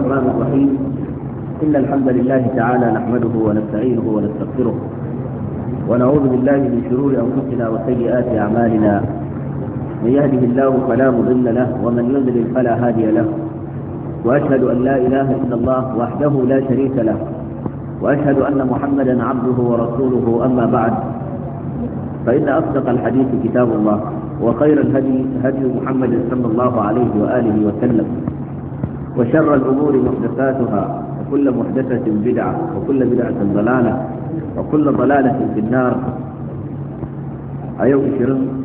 الرحمن الرحيم إن الحمد لله تعالى نحمده ونستعينه ونستغفره ونعوذ بالله من شرور أنفسنا وسيئات أعمالنا من يهده الله فلا مضل له ومن يضلل فلا هادي له وأشهد أن لا إله إلا الله وحده لا شريك له وأشهد أن محمدا عبده ورسوله أما بعد فإن أصدق الحديث كتاب الله وخير الهدي هدي محمد صلى الله عليه وآله وسلم وشر الأمور محدثاتها وكل محدثة بدعة وكل بدعة ضلالة وكل ضلالة في النار أيوم شرم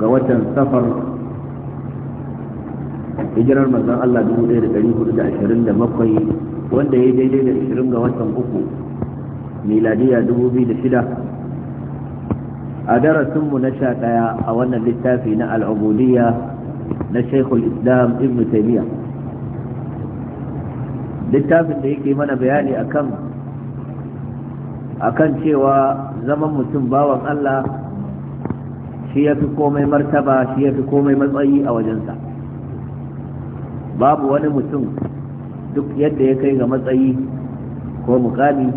قوة سفر hijirar manzon Allah dubu ɗaya da ɗari hudu da ashirin da bakwai wanda ya daidai da ashirin ga watan uku miladiya dubu biyu da shida a darasinmu na sha ɗaya a wannan littafi na al'ubudiyya na shaikhul islam ibn taymiyyah littafin da yake mana bayani akan akan cewa zaman mutum bawan Allah shi yafi fi komai martaba shi yafi fi komai matsayi a wajensa babu wani mutum duk yadda ya kai ga matsayi ko mukami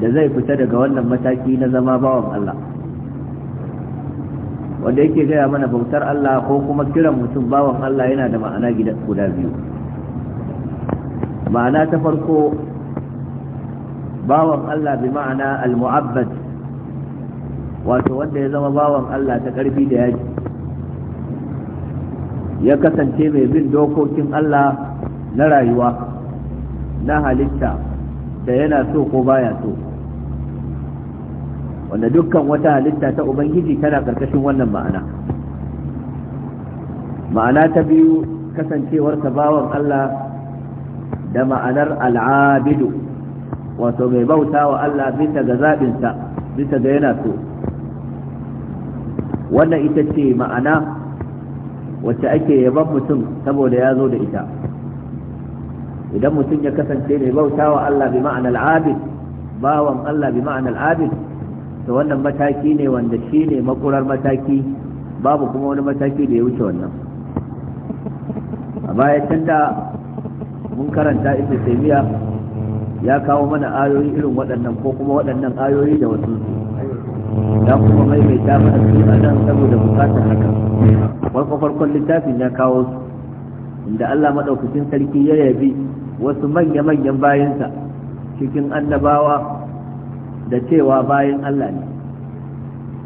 da zai fita daga wannan mataki na zama bawan Allah wanda yake gaya mana bautar Allah ko kuma kiran mutum bawan Allah yana da ma'ana gida guda biyu ma'ana ta farko bawan Allah bi ma'ana al-mu'abbad wato wanda ya zama bawan Allah ta ƙarfi da yaji ya kasance mai bin dokokin Allah na rayuwa na halitta da yana so ko baya so wanda dukkan wata halitta ta ubangiji tana karkashin wannan ma'ana ma'ana ta biyu kasancewar bawan Allah da ma'anar al'abidu wato mai bauta wa Allah bisa ga zaɓinsa bisa ga yana so wannan ita ce ma'ana wacce ake yaban mutum saboda ya zo da ita idan mutum ya kasance mai bauta wa Allah bi ma'anar abid bawan Allah bi ma'anar abid to wannan mataki ne wanda shi ne makurar mataki babu kuma wani mataki da ya wuce wannan a baya can da mun karanta ibn taymiya ya kawo mana ayoyi irin waɗannan ko kuma waɗannan ayoyi da wasu ya kuma maimaita mana su a nan saboda bukatar haka farko farkon littafin ya kawo su inda Allah maɗaukacin sarki ya yabi wasu manya-manyan bayansa cikin annabawa da cewa bayan Allah ne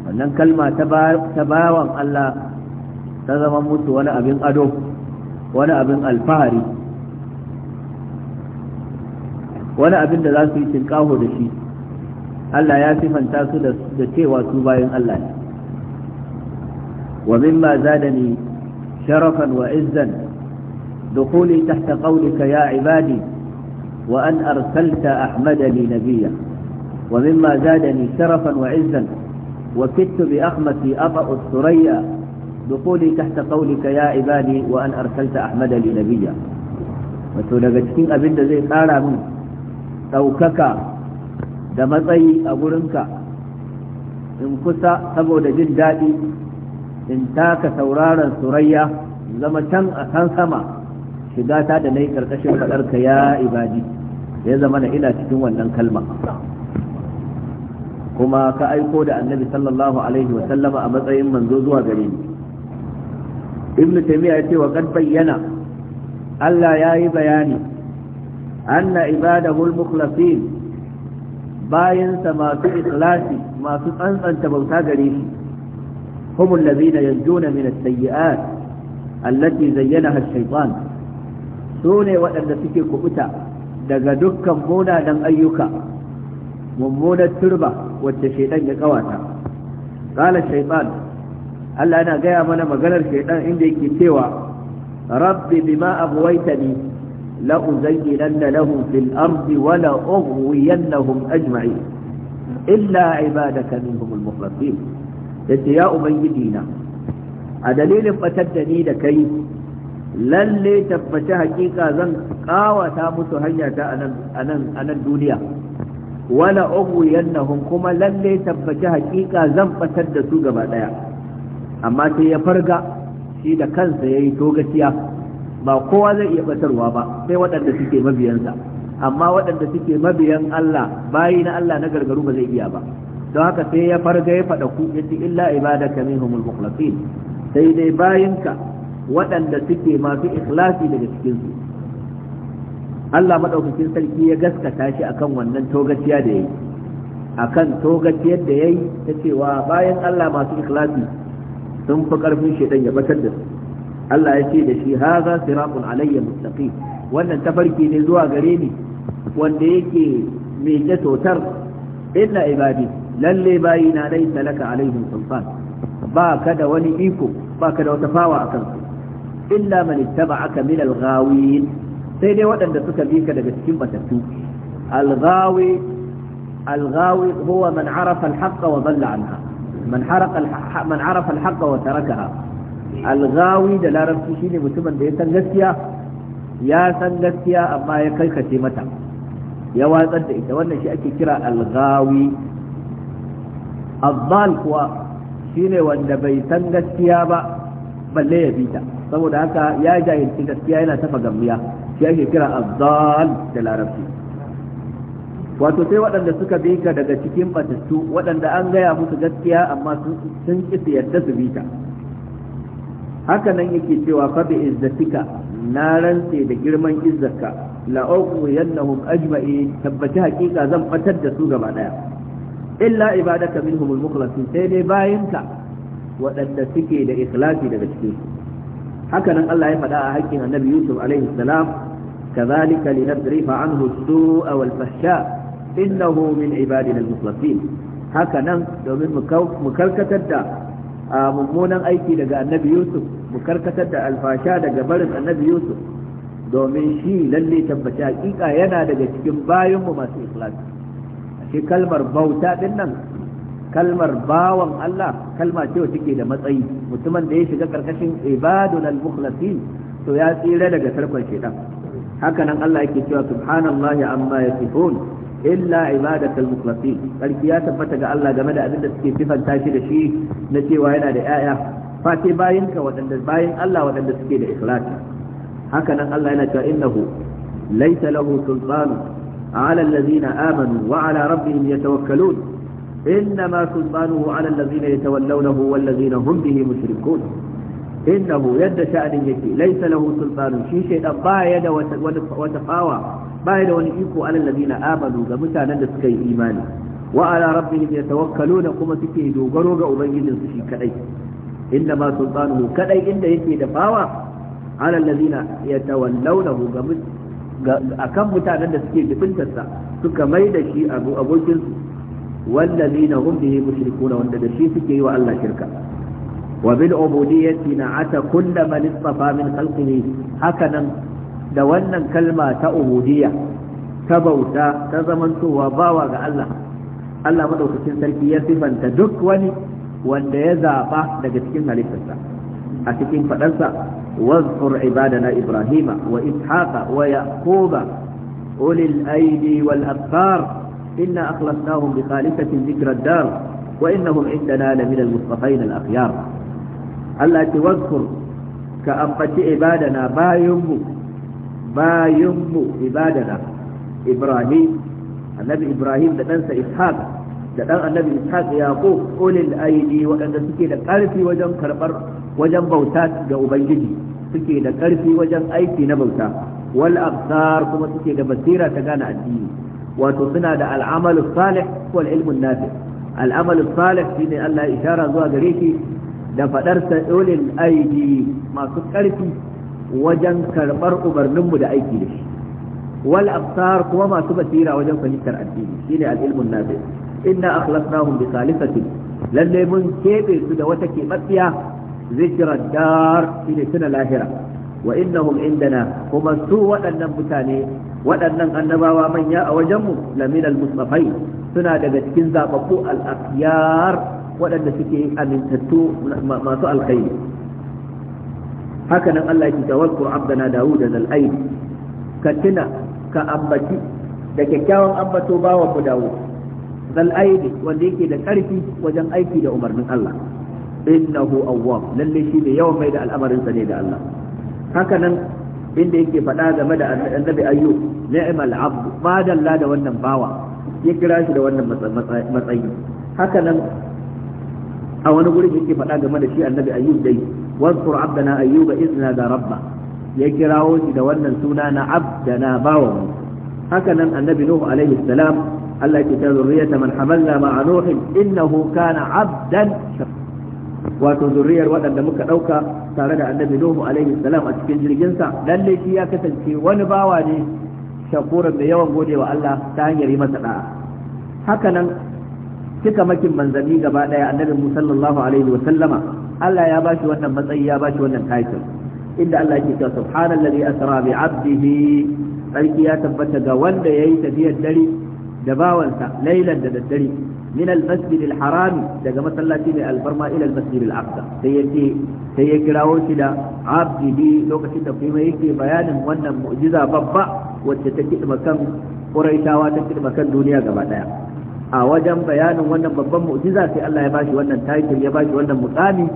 wannan kalma ta bawan Allah ta zama mutu wani abin ado wani abin alfahari wani abin da za su yi cinkaho da shi Allah ya sifanta su da cewa su bayan Allah ne wa mimma zadani sharafan wa izzan دخولي تحت قولك يا عبادي وأن أرسلت أحمد لي نبيا ومما زادني da وعزا وكدت بأخمتي أطأ الثريا دخولي تحت قولك يا عبادي وأن أرسلت أحمد لي نبيا wato daga cikin abin da zai tsara min ɗaukaka da matsayi a gurinka in kusa saboda jin daɗi in taka sauraron surayya zama can a kan sama shigata da na yi ƙarƙashin faɗarka ya ibadi ya zama na ina cikin wannan kalma kuma ka aiko da annabi sallallahu alaihi wa sallama a matsayin manzo zuwa gare ni ibnu taymiya yace wa qad bayyana Allah yayi bayani anna ibada al-mukhlasin bayansa masu ikhlasi masu tsantsanta bauta gare shi هم na ينجون من السيئات التي زينها الشيطان Sune وأن suke كبتا daga dukkan munanan ayyuka mummunar turba wacce shaidan ya kawata qala shaytan Allah yana gaya mana maganar shaidan inda yake cewa rabbi bima aghwaytani la uzayyinanna lahum fil ardi wa la ughwiyannahum ajma'in illa ibadaka minhum al mukhlasin yace ya ubangiji na a dalilin batar da ni da kai lalle tabbaci hakika zan kawata musu hanya ta anan anan anan duniya wala ughwiyannahum kuma lalle tabbaci haƙiƙa zan batar da su gaba daya amma sai ya farga shi da kansa yayi togaciya ba kowa zai iya batarwa ba sai waɗanda suke mabiyansa amma waɗanda suke mabiyan Allah bayi na Allah na gargaru ba zai iya ba don haka sai ya farga ya faɗa ku yace illa ibadaka minhumul mukhlasin sai dai bayinka waɗanda suke masu ikhlasi daga cikin su Allah maɗaukakin sarki ya gaskata shi akan wannan togaciya da yayi akan togaciyar da yayi ta cewa bayan Allah masu ikhlasi sun fi karfin shedan ya batar da su Allah ya ce da shi haza siratun alayya mustaqim wannan tafarki ne zuwa gare ni wanda yake mai totar illa ibadi lalle bayi na dai talaka alaihim sulfan ba ka da wani iko ba ka da wata fawa akan su illa man ittaba'aka min al-ghawin sai dai waɗanda suka bi ka daga cikin batattu al-ghawi huwa man arafa al-haqq wa dhalla anha man haraqa man arafa al wa tarakaha al da larabci shine mutumin da ya san gaskiya ya san gaskiya amma ya karkace mata ya watsar da ita wannan shi ake kira al-ghawi kuwa shine wanda bai san gaskiya ba balle ya bita saboda haka ya jahilci gaskiya yana tafa gambiya shi ake kira Azal da larabci wato sai waɗanda suka bi ka daga cikin batattu waɗanda an gaya musu gaskiya amma sun ƙi su yadda su bi haka nan yake cewa fa bi izzatika na rantse da girman izzarka la uqiyannahum ajma'in tabbata haƙiƙa zan batar da su gaba daya illa ibadaka minhum al-mukhlasin sai dai bayinka waɗanda suke da ikhlasi daga cikin su haka nan Allah ya faɗa a haƙƙin annabi Yusuf alaihi salam كذلك لنصرف عنه السوء والفحشاء إنه من عبادنا المخلصين هكذا domin mu karkatar da mummunan aiki daga annabi Yusuf mu karkatar da alfasha daga barin annabi Yusuf domin shi lalle tabbata hakika yana daga cikin bayanmu masu ikhlas shi kalmar bauta din nan kalmar bawan Allah kalma ce wacce ke da matsayi mutumin da ya shiga karkashin ibadun al-mukhlasin to ya tsira daga tarkon shedan haka nan Allah yake cewa subhanallahi amma yasifun illa al mukhlasin sarki ya tabbata ga Allah game da abin da suke sifanta shi da shi na cewa yana da yaya fati bayin ka waɗanda bayin Allah waɗanda suke da ikhlasi haka nan Allah yana cewa innahu laysa lahu sultanu ala allazina amanu wa ala rabbihim yatawakkalun إنما سلطانه على الذين يتولونه والذين هم به مشركون إنه يد شأن يكي ليس له سلطان شي شيء بايد وتقاوى بايد ونئيكو على الذين آمنوا لمتانا لسكي إيماني وعلى ربهم يتوكلون كما سكي دوغروا أبين سشي كأي إنما سلطانه كأي إن يكي دفاوى على الذين يتولونه أكم متانا لسكي بنتسا سكا ميد شيء أبو أبو جنسو Wanda da shi suke مشركون وان دشي سكي والله شركا وبالعبودية نعت كل من اصطفى من Haka nan, da wannan kalma ta ubudiyya ta bauta ta zamantowa bawa ga Allah Allah madaukakin sarki ya sifanta duk wani wanda ya zaba daga cikin halittarsa a cikin fadansa wazkur ibadana ibrahima wa ishaqa wa yaquba ulil aidi wal absar إنا أخلصناهم بخالصة ذكر الدار وإنهم عندنا لمن المصطفين الأخيار ألا توذكر كأنقت عبادنا بايم بايم عبادنا إبراهيم النبي إبراهيم تنسى إسحاق da dan annabi ishaq yaqub ulil aidi wadanda suke da karfi wajen karbar wajen bauta ga ubangiji suke da karfi wajen aiki na bauta wal absar kuma suke da basira ta gane addini wato suna da al'amalu salih wal ilmun nafi al'amalu salih shine Allah ishara zuwa gare shi da fadar sa ulil masu karfi wajen karbar ubarnin mu da aiki da shi wal absar kuma masu basira wajen fahimtar addini shine al ilmun nafi inna akhlasnahum bi salisatin lalle mun kebe su da wata kebabbiya zikra dar shine suna lahira wa innahum indana kuma su waɗannan mutane waɗannan annabawa manya a wajenmu Laminar musafai suna daga cikin zababbu al-afyar waɗanda suke amintattu masu alkhairi haka nan Allah ya ce wasu abdana dawud da al ka tuna ka ambaci da kyakkyawan ambato bawa mu dawo zal'aini wanda yake da ƙarfi wajen aiki da umarnin Allah innahu awwab lalle shi ne yawan mai da al'amarin sa ne da Allah haka nan inda yake faɗa game da annabi ayyu ni'mal abdu ma dalla da wannan bawa ya kira shi da wannan matsayi haka nan a wani gurin yake faɗa game da shi annabi ayyub dai wanzur abdana ayyuba izna da rabba ya kirawo shi da wannan suna na abdana bawa mu haka nan annabi nuhu alaihi salam Allah ya ce zurriyata man hamalna ma'a nuhin innahu kana abdan shakka wato zuriyar waɗanda muka ɗauka tare da annabi nuhu alaihi salam a cikin jirginsa lalle shi ya kasance wani bawa ne shakuran da yawan gode wa Allah ta hanyar yi masa da'a haka nan cika makin manzanni gaba ɗaya annabi musa sallallahu alaihi wa sallama Allah ya bashi wannan matsayi ya bashi wannan title inda Allah ke cewa subhanallazi asra bi 'abdihi sarki ya tabbata ga wanda yayi tafiyar dare da bawansa lailan da daddare minal al harami daga masallaci mai alfarma ila al-masjid al-aqsa sai kirawo shi da abdi lokacin da kuma yake bayanin wannan mu'jiza babba wacce ta kidma kan quraishawa ta kidma kan duniya gaba daya a wajen bayanin wannan babban mu'jiza sai Allah ya bashi wannan title ya bashi wannan mukami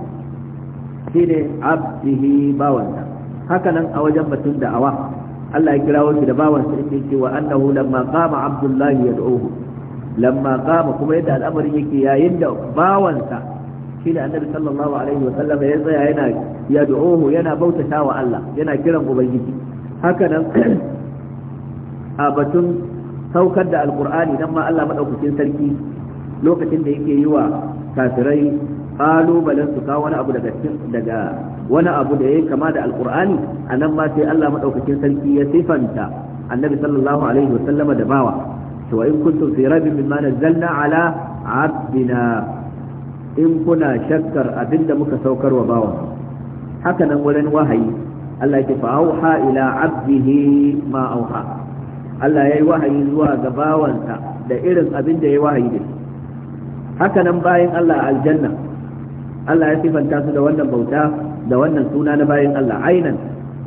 shine abdihi bawansa haka nan a wajen batun awa Allah ya kirawo shi da bawansa inda yake cewa annahu lamma qama abdullahi yad'uhu lamma qama kuma yadda al'amarin yake yayin da bawansa shi annabi sallallahu alaihi wa sallam ya tsaya yana yad'uhu yana bautata wa Allah yana kiran ubangiji haka nan a batun saukar da alqur'ani dan ma Allah madaukakin sarki lokacin da yake yi wa kafirai kalubalen su kawo wani abu daga daga wani abu da ya kama da alqur'ani anan ma sai Allah madaukakin sarki ya sifanta annabi sallallahu alaihi wa sallama da bawa to in kuntum fi rabbin mimma nazzalna ala in kuna shakkar abinda muka saukar wa bawan haka nan wahayi Allah yake fa auha ila abdihi ma auha Allah yayi wahayi zuwa da irin abin da yayi wahayi da haka nan bayin Allah aljanna Allah ya sifanta su da wannan bauta da wannan suna na bayin Allah ainan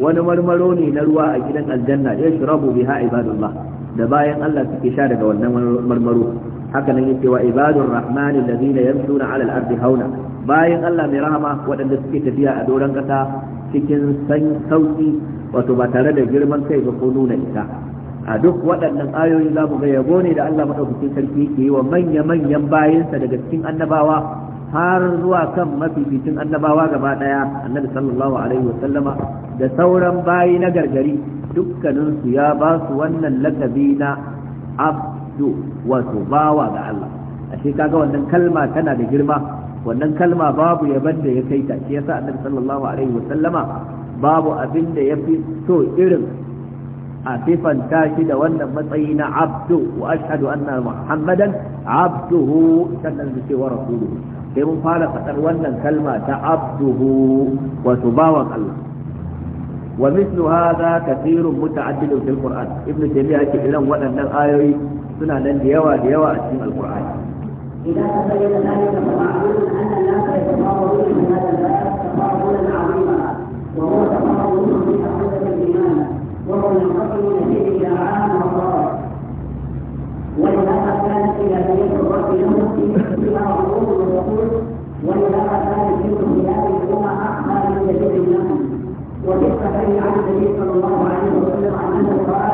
wani marmaro ne na ruwa a gidan aljanna ya shirabu biha ibadullah da bayan Allah suke sha daga wannan marmaro haka nan yake wa ibadur rahman alladhina yamshuna 'ala al-ardi hauna bayan Allah mai rahama waɗanda suke tafiya a doron kasa cikin san sauki wato ba tare da girman kai ba ko nuna ita a duk waɗannan ayoyi za mu ga yabo ne da Allah madaukakin sarki yake yi wa manya-manyan bayansa daga cikin annabawa har zuwa kan mafi fitin annabawa gaba daya annabi sallallahu alaihi wa sallama da sauran bayi na gargari dukkaninsu ya ba su wannan lakabi na abdu wato bawa ga Allah ashe kaga wannan kalma tana da girma wannan kalma babu yaban da ya kai ta shi yasa annabi sallallahu alaihi wa sallama babu abin da ya fi so irin a sifanta shi da wannan matsayi na abdu wa ashhadu anna muhammadan abduhu sannan rasuluhu sai mun fara faɗar wannan kalma ta abduhu wato bawan Allah wa mislu hadha kathirun muta'addidun fil qur'an ibnu taymiya yake irin waɗannan ayoyi suna nan da yawa da yawa a cikin alqur'ani idan ka bayyana ذلك فمعلوم أن الناس يتفاوضون في هذا الباب تفاوضا عظيما وهو تفاوض في حقيقة الإيمان وهو ينقسم إلى عام وخاص ولماذا كانت الى بيت الرب يمشي فيها الروح والرسول ولماذا كان الجن خلاف الأمة أحمى من جديد النفس وفي الصحيح عن النبي صلى الله عليه وسلم عن أنه قال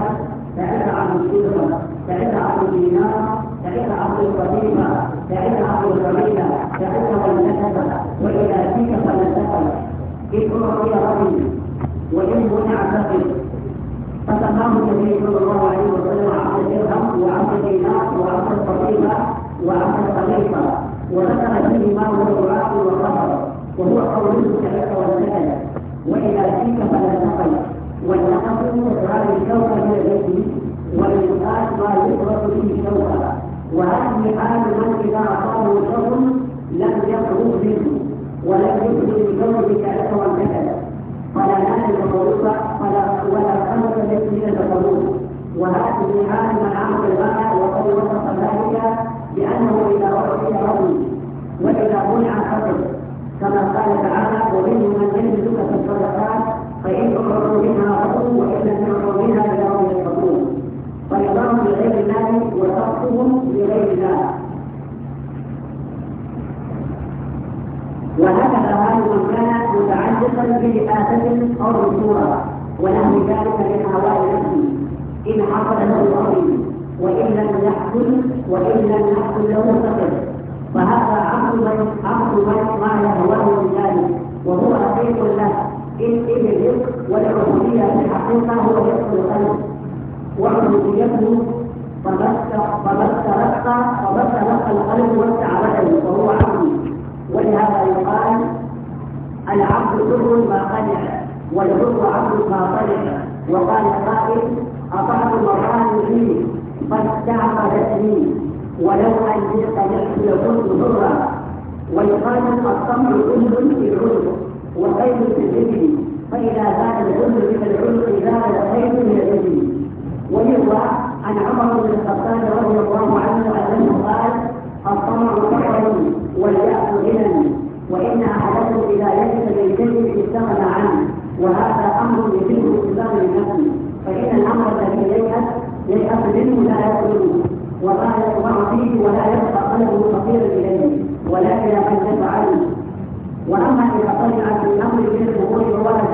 تعد عن الشجرة تعد عن الدينار تعد عن القبيلة تعد عن القبيلة تعد عن النسبة وإذا فيك فلنتقل إن أعطي ربي وإن منع فقد فسماه النبي صلى الله عليه وسلم عبد الدرهم وعبد الدينار وعبد القصيمة وعبد القميصة وذكر فيه ما هو دعاء والقهر وهو قوله الكلام والنكل وإذا شئت فلا تقل والنقل إدراك الشوكة إلى بيته والإنقاذ ما يدرك به الشوكة وهذه حال من إذا أصابه شر لم يخرج منه ولم يخرج بكونه كأسه والنكل ولا مال التصوف ولا ولا خمر التي من التصوف وهذه حال من عمل الغاية وقد وصف ذلك بأنه إذا أعطي رضي وإذا منع حصل كما قال تعالى ومنه من يملك في الصدقات فإن آفة أو منصورة ونحو ذلك من أهواء النفس إن حصل له الأمر وإن لم يحصل وإن لم يحصل له فقد فهذا عقل من عقل من ما يهواه من ذلك وهو رقيق له إن إن الرزق والعبودية في الحقيقة هو رزق القلب وعبوديته فبث فبث فبث رق القلب وسع بدنه وهو عقلي ولهذا يقال العبد سر ما قنع والحر عبد ما قدح وقال قائل أطعت مراني فيه فاستعقدتني ولو أني قدحت لكنت حرا ويقال الطمع كل في العلو وخير في الذل فإذا زاد العلو من العلو زاد الخير من الذل ويروى عن عمر بن الخطاب رضي الله عنه أنه قال الطمع كفر واليأس غنى وإن أحدكم إذا لبس بالجلد اتخذ عنه وهذا أمر يجب اتباع الحكم فإن الأمر الذي ييأس ييأس منه لا يقوله وما يطمع فيه ولا يبقى قلبه فقيرا إليه ولكن إلى من يفعله وأما إذا طلع في الأمر من الأمور ولا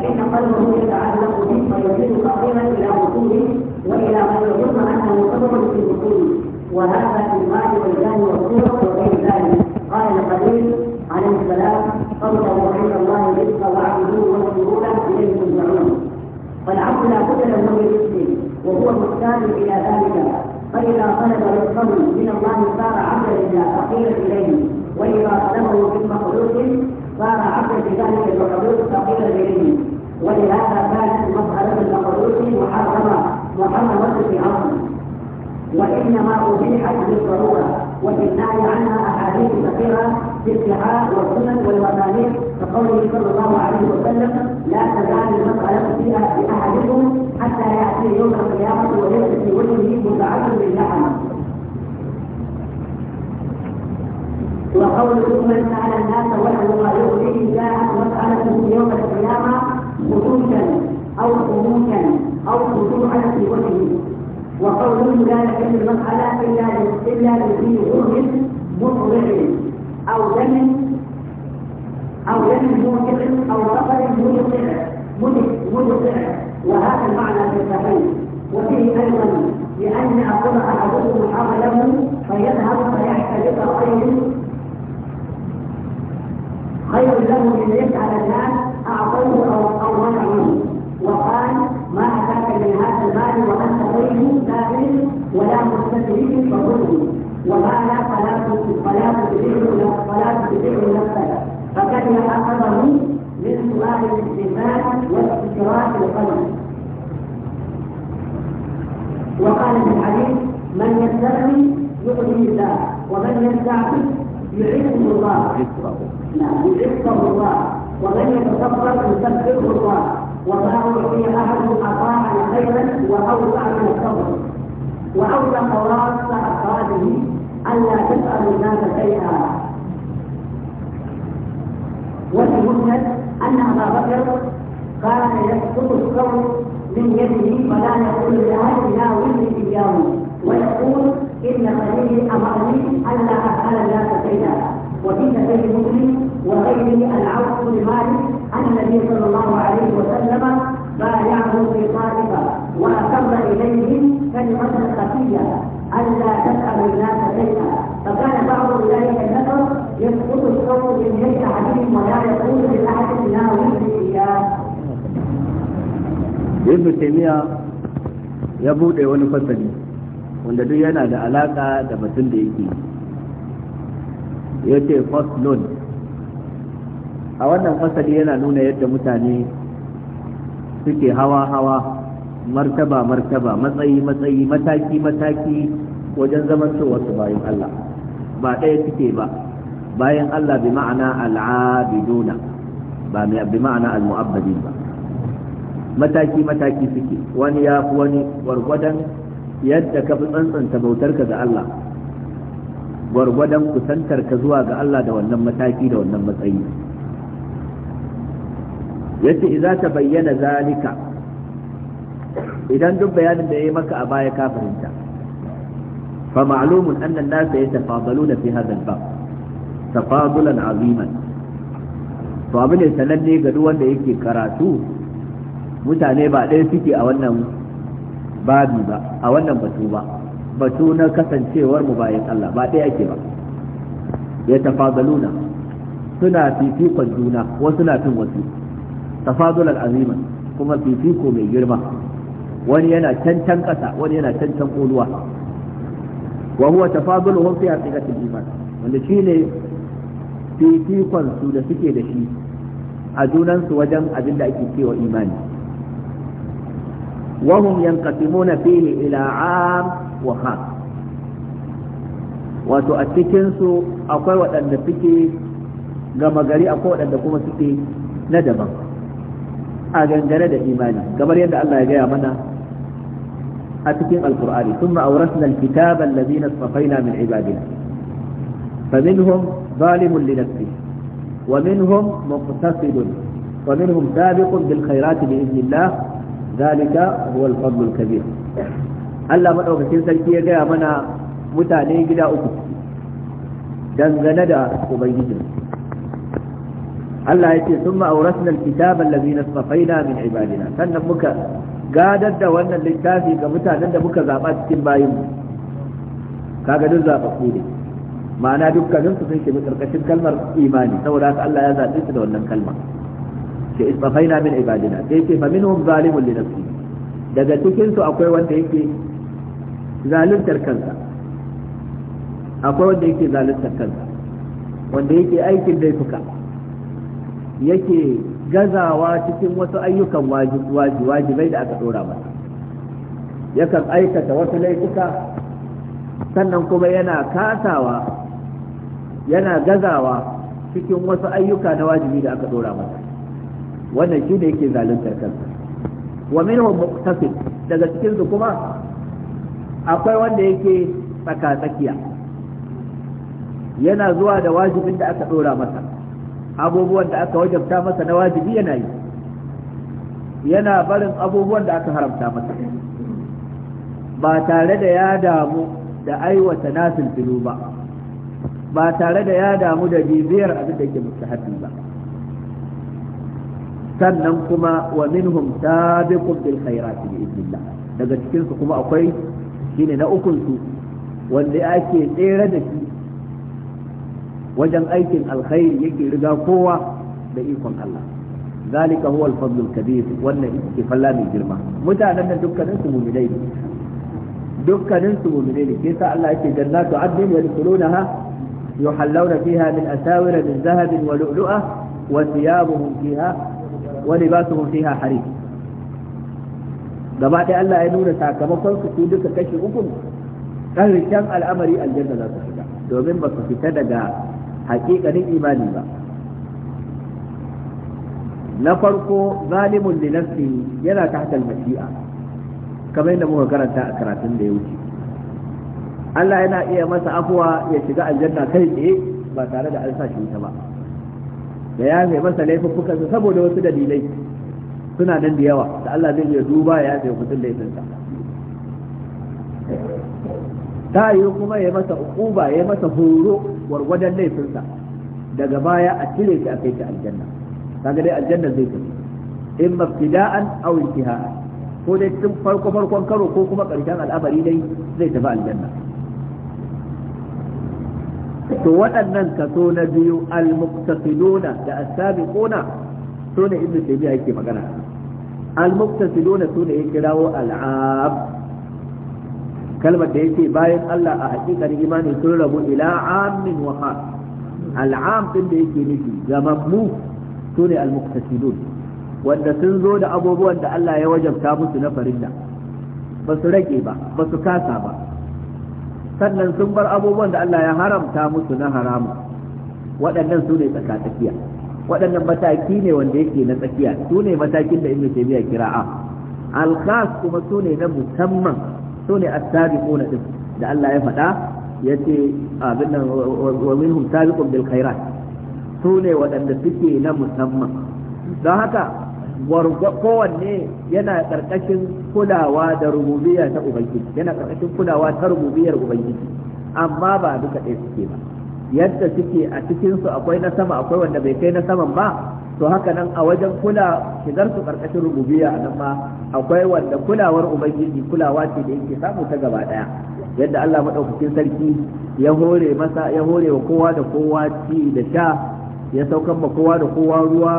فإن قلبه يتعلق به فيزيد فقيرا إلى وصوله وإلى من يظن أنه قدر في وصوله وهذا في الغالب الجاه والصورة وغير ذلك قال القديم عليه السلام قوله عند الله رزق وعبده وسرورا اليه ترجعون فالعبد لا بد له من رزقه وهو محتاج الى ذلك فاذا طلب رزقه من الله صار عبدا الى فقيرا اليه واذا طلبه من مخلوق صار عبدا لذلك المخلوق فقيرا اليه ولهذا كانت مساله المخلوق محرمه محرمه في عصره وانما ابيحت بالضروره وفي النهي عنها احاديث كثيره في الدعاء والسنن والمقاليد كقوله صلى الله عليه وسلم لا تزال المساله فيها أحدكم حتى ياتي يوم القيامه وليس في وجهه متعب باللحم وقول ثم سال الناس وحده ما يغنيه قوله لا يحل المسألة إلا إلا بذي عرض مطلق أو دم أو دم موقع أو سفر مدقع وهذا المعنى في الصحيح وفيه أيضا لأن أقول أحدهم حمله فيذهب فيحتلف خير خير له من يفعل الناس أعطوه أو أو منعوه وقال ما أتاك من هذا المال وأنت غير سائل ولا مستدرك فظلم وما لا فلا فلا تدعو فلا تدعو نفسك فقد أخذه من سؤال الاستثناء واستشراق القلب وقال في الحديث من يستغني يغني الله ومن يستعفف يعزه الله نعم يعزه الله ومن يتصبر يسبحه الله وما أعطي أحد أطاعني خيرا وأوسع من الصبر وأوسع رأس أفراده ألا تسأل الناس شيئا وفي المسند أن أبا بكر كان يسقط القول من يده فلا يقول لأحد لا ولي إياه ويقول إن خليلي أمرني ألا أسأل الناس شيئا وفي سبيل مسلم وغيره العفو لمالك أن النبي صلى الله عليه وسلم بايعه في طائفة وأقر إليه كلمة خفية ألا تسأل الناس شيئا فكان بعض اولئك النفر يسقط الصوت من جيش عليهم ولا يقول لأحد لا وجه إياه ابن تيمية ya buɗe wani fasali wanda duk yana da alaƙa da batun da yake ya a wannan fasali yana nuna yadda mutane suke hawa-hawa martaba-martaba matsayi-matsayi mataki-mataki wajen zaman su bayan Allah ba ɗaya suke ba bayan Allah bi ma'ana al'abiduna ba bi ma'ana al-mu'abbadin ba mataki-mataki suke wani ya fi wani gwargwadon yadda ka fi tsantsanta bautarka ga Allah gwargwadon kusantarka zuwa ga Allah da wannan mataki da wannan matsayi yace idza bayyana zalika idan duk bayanin da yayi maka a baya fahimta fa ma'lumun anna an-nas yatafadaluna fi hadha al-bab tafadulan aziman to abin da sananne ga duk wanda yake karatu mutane ba ɗaya suke a wannan babi ba a wannan batu ba batu na kasancewar mu bayan Allah ba ɗaya ake ba ya tafazaluna suna fifikon juna wasu na fin wasu tafadulan azima kuma fifiko mai girma wani yana cancan ƙasa, wani yana cancan koluwa wa huwa tafaduluhum fi haqiqatil iman wanda shi ne fifikonsu da suke da shi a junansu wajen abin da ake cewa imani وهم ينقسمون فيه إلى عام وخاص wato a cikinsu akwai waɗanda suke gama gari akwai waɗanda kuma suke na daban a dangane da imani kamar yadda Allah ya gaya mana a cikin alkur'ani thumma awrasna alkitaba alladhina safaina min ibadina faminhum zalimun li nafsihi wa minhum muqtasidun wa minhum sabiqun bil khairati bi idnillah zalika huwa al-fadl al-kabir Allah madaukakin sarki ya gaya mana mutane gida uku dangane da ubangijinsu Allah ya ce sun ma'auratun alkitaban lazina safaina min ibadina sannan muka gadar da wannan littafi ga mutanen da muka zaɓa cikin bayin kaga duk zaɓaɓɓu ne ma'ana dukkanin su sun shiga ƙarƙashin kalmar imani saboda haka Allah ya zaɓe su da wannan kalma ke isfafaina min ibadina sai ce fa minhum zalimun li nafsi daga cikin su akwai wanda yake zaluntar kansa akwai wanda yake zaluntar kansa wanda yake aikin dai fuka yake gazawa cikin wasu ayyukan wajibai da aka dora masa yakan aikata wasu laifuka sannan kuma yana kasawa yana gazawa cikin wasu ayyuka na wajibi da aka dora masa wannan shi ne yake zaluntar kansa wa minhum muqtasid daga cikin su kuma akwai wanda yake tsaka tsakiya yana zuwa da wajibin da aka dora masa abubuwan da aka wajabta masa na wajibi yana yi yana barin abubuwan da aka haramta masa ba tare da ya damu da aiwata nasin filu ba ba tare da ya damu da bibiyar abin da yake mustahabi ba sannan kuma wa minhum sabiqun bil khairati bi idnillah daga cikin su kuma akwai shine na ukun su wanda ake tsere da shi wajen aikin alkhairi yake riga kowa da ikon Allah zalika huwa al-fadl al-kabir wannan ita falla mai girma mutanen nan dukkanin su mu'minai dukkanin su mu'minai ne sai sa Allah yake jannatu adnin yadkhulunaha yuhallawna fiha min asawira min zahabin wa lu'lu'a wa thiyabuhum fiha wa libasuhum fiha harir gaba ɗaya Allah ya nuna sakamakon su su duka kashi uku ƙarshen al'amari aljanna za su fita domin ba su fita daga hakikanin imani ba na farko zalimun da nafsi yana ta hatar mashia kamar yadda muka karanta a karatun da ya wuce Allah yana iya masa afuwa ya shiga aljanna kai tsaye ba tare da an sa shi ta ba da ya mai masa laifuffukansa saboda wasu dalilai suna nan da yawa da Allah zai iya duba ya mai mutum laifinsa ta yi kuma ya masa ukuba ya masa horo gwargwadon laifinsa daga baya a cire shi a kai shi aljanna kaga dai aljanna zai tafi in mabtida'an aw intihaa ko dai tun farko farkon karo ko kuma karshen al'amari dai zai tafi aljanna to waɗannan kaso na biyu al-muqtasiduna da as-sabiquna sune ibnu taymiya yake magana al-muqtasiduna sune ya kirawo al-'ab kalmar da yake bayan Allah a hakikar imani sun rabu ila amin wa khas al'am din da yake nufi gamammu sune al-muqtasidun wanda sun zo da abubuwan da Allah ya wajabta musu na farilla ba su rage ba ba su kasa ba sannan sun bar abubuwan da Allah ya haramta musu na haramu waɗannan su ne tsakatsakiya waɗannan mataki ne wanda yake na tsakiya su ne matakin da ibnu taymiya kira'a al-khas kuma su ne na musamman su ne as-sabiquna din da Allah ya faɗa yace abin nan wa minhum sabiqun bil khairat su ne waɗanda suke na musamman don haka kowanne yana ƙarƙashin kulawa da rububiya ta ubangiji yana ƙarƙashin kulawa ta rububiyar ubangiji amma ba duka ɗaya suke ba yadda suke a cikinsu akwai na sama akwai wanda bai kai na saman ba to haka nan a wajen kula shigar su karkashin rububiyya nan ma akwai wanda kulawar ubangiji kulawa ce da yake samu ta gaba daya yadda Allah madaukakin sarki ya hore masa ya hore wa kowa da kowa ci da sha ya saukar ma kowa da kowa ruwa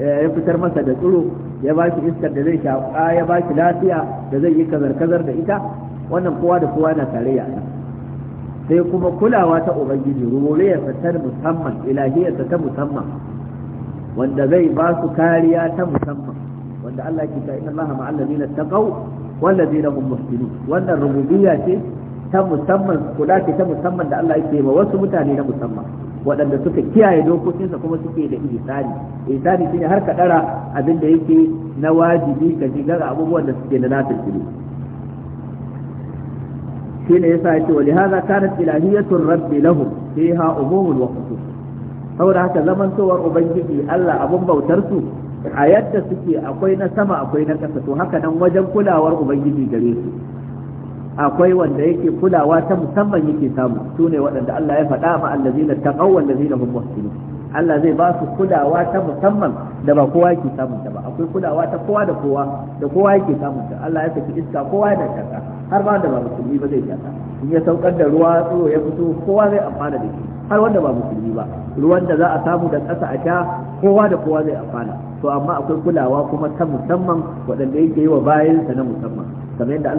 ya fitar masa da tsiro ya ba shi iskar da zai shaƙa ya ba shi lafiya da zai yi kazar-kazar da ita wannan kowa da kowa na tarayya sai kuma kulawa ta ubangiji rububiyarsa ta musamman ilahiyarsa ta musamman wanda zai ba su kariya ta musamman wanda Allah ke ta inna Allah ma'al ta taqaw wal ladina hum muhsinun wannan rububiyya ce ta musamman kula ce ta musamman da Allah yake ma wasu mutane na musamman waɗanda suka kiyaye dokokinsa kuma suke da Isani ihsani shine har ka dara abin da yake na wajibi ka ji ga abubuwan da suke da na nafil shine yasa yake wa lihaza kanat ilahiyatur rabbi lahum fiha umumul wa khusus saboda haka zamantowar ubangiji Allah abun bautar su a yadda suke akwai na sama akwai na ƙasa to haka nan wajen kulawar ubangiji gare su akwai wanda yake kulawa ta musamman yake samu su ne waɗanda Allah ya faɗa ma allazina wanda wallazina na muhsinun Allah zai ba su kulawa ta musamman da ba kowa yake samun ta ba akwai kulawa ta kowa da kowa da kowa yake samun ta Allah ya saki iska kowa yana shaka har ba da ba musulmi ba zai shaka in ya saukar da ruwa tsoro ya fito kowa zai amfana da shi har wanda ba musulmi ba ruwan da za a samu da ƙasa a sha kowa da kowa zai amfana to amma akwai kulawa kuma ta musamman waɗanda yake yi wa bayansa na musamman kamar yadda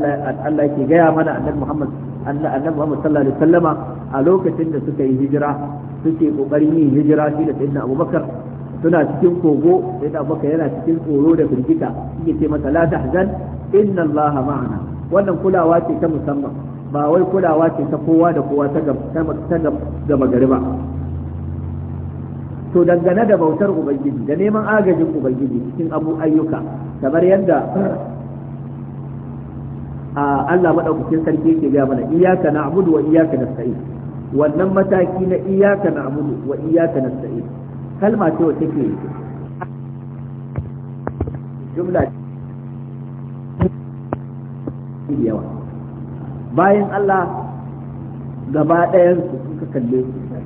Allah yake gaya mana annabi Muhammad annabi Muhammad sallallahu alaihi wasallama a lokacin da suka yi hijira suke kokarin yin hijira shi da sayyidina Abubakar suna cikin kogo sayyidina Abubakar yana cikin tsoro da firgita yake ce masa la tahzan inna Allah ma'ana wannan kulawa ce ta musamman ba wai kulawa ce ta kowa da kowa ta gama gari ba to dangane da bautar ubangiji da neman agajin ubangiji cikin abu ayyuka kamar yadda a Allah madaukakin sarki yake gaya mana iyyaka na'budu wa iyyaka nasta'in wannan mataki na iyyaka na'budu wa iyyaka nasta'in kalma ce wacce take jumla yawa bayan Allah gaba ɗayan su suka kalle su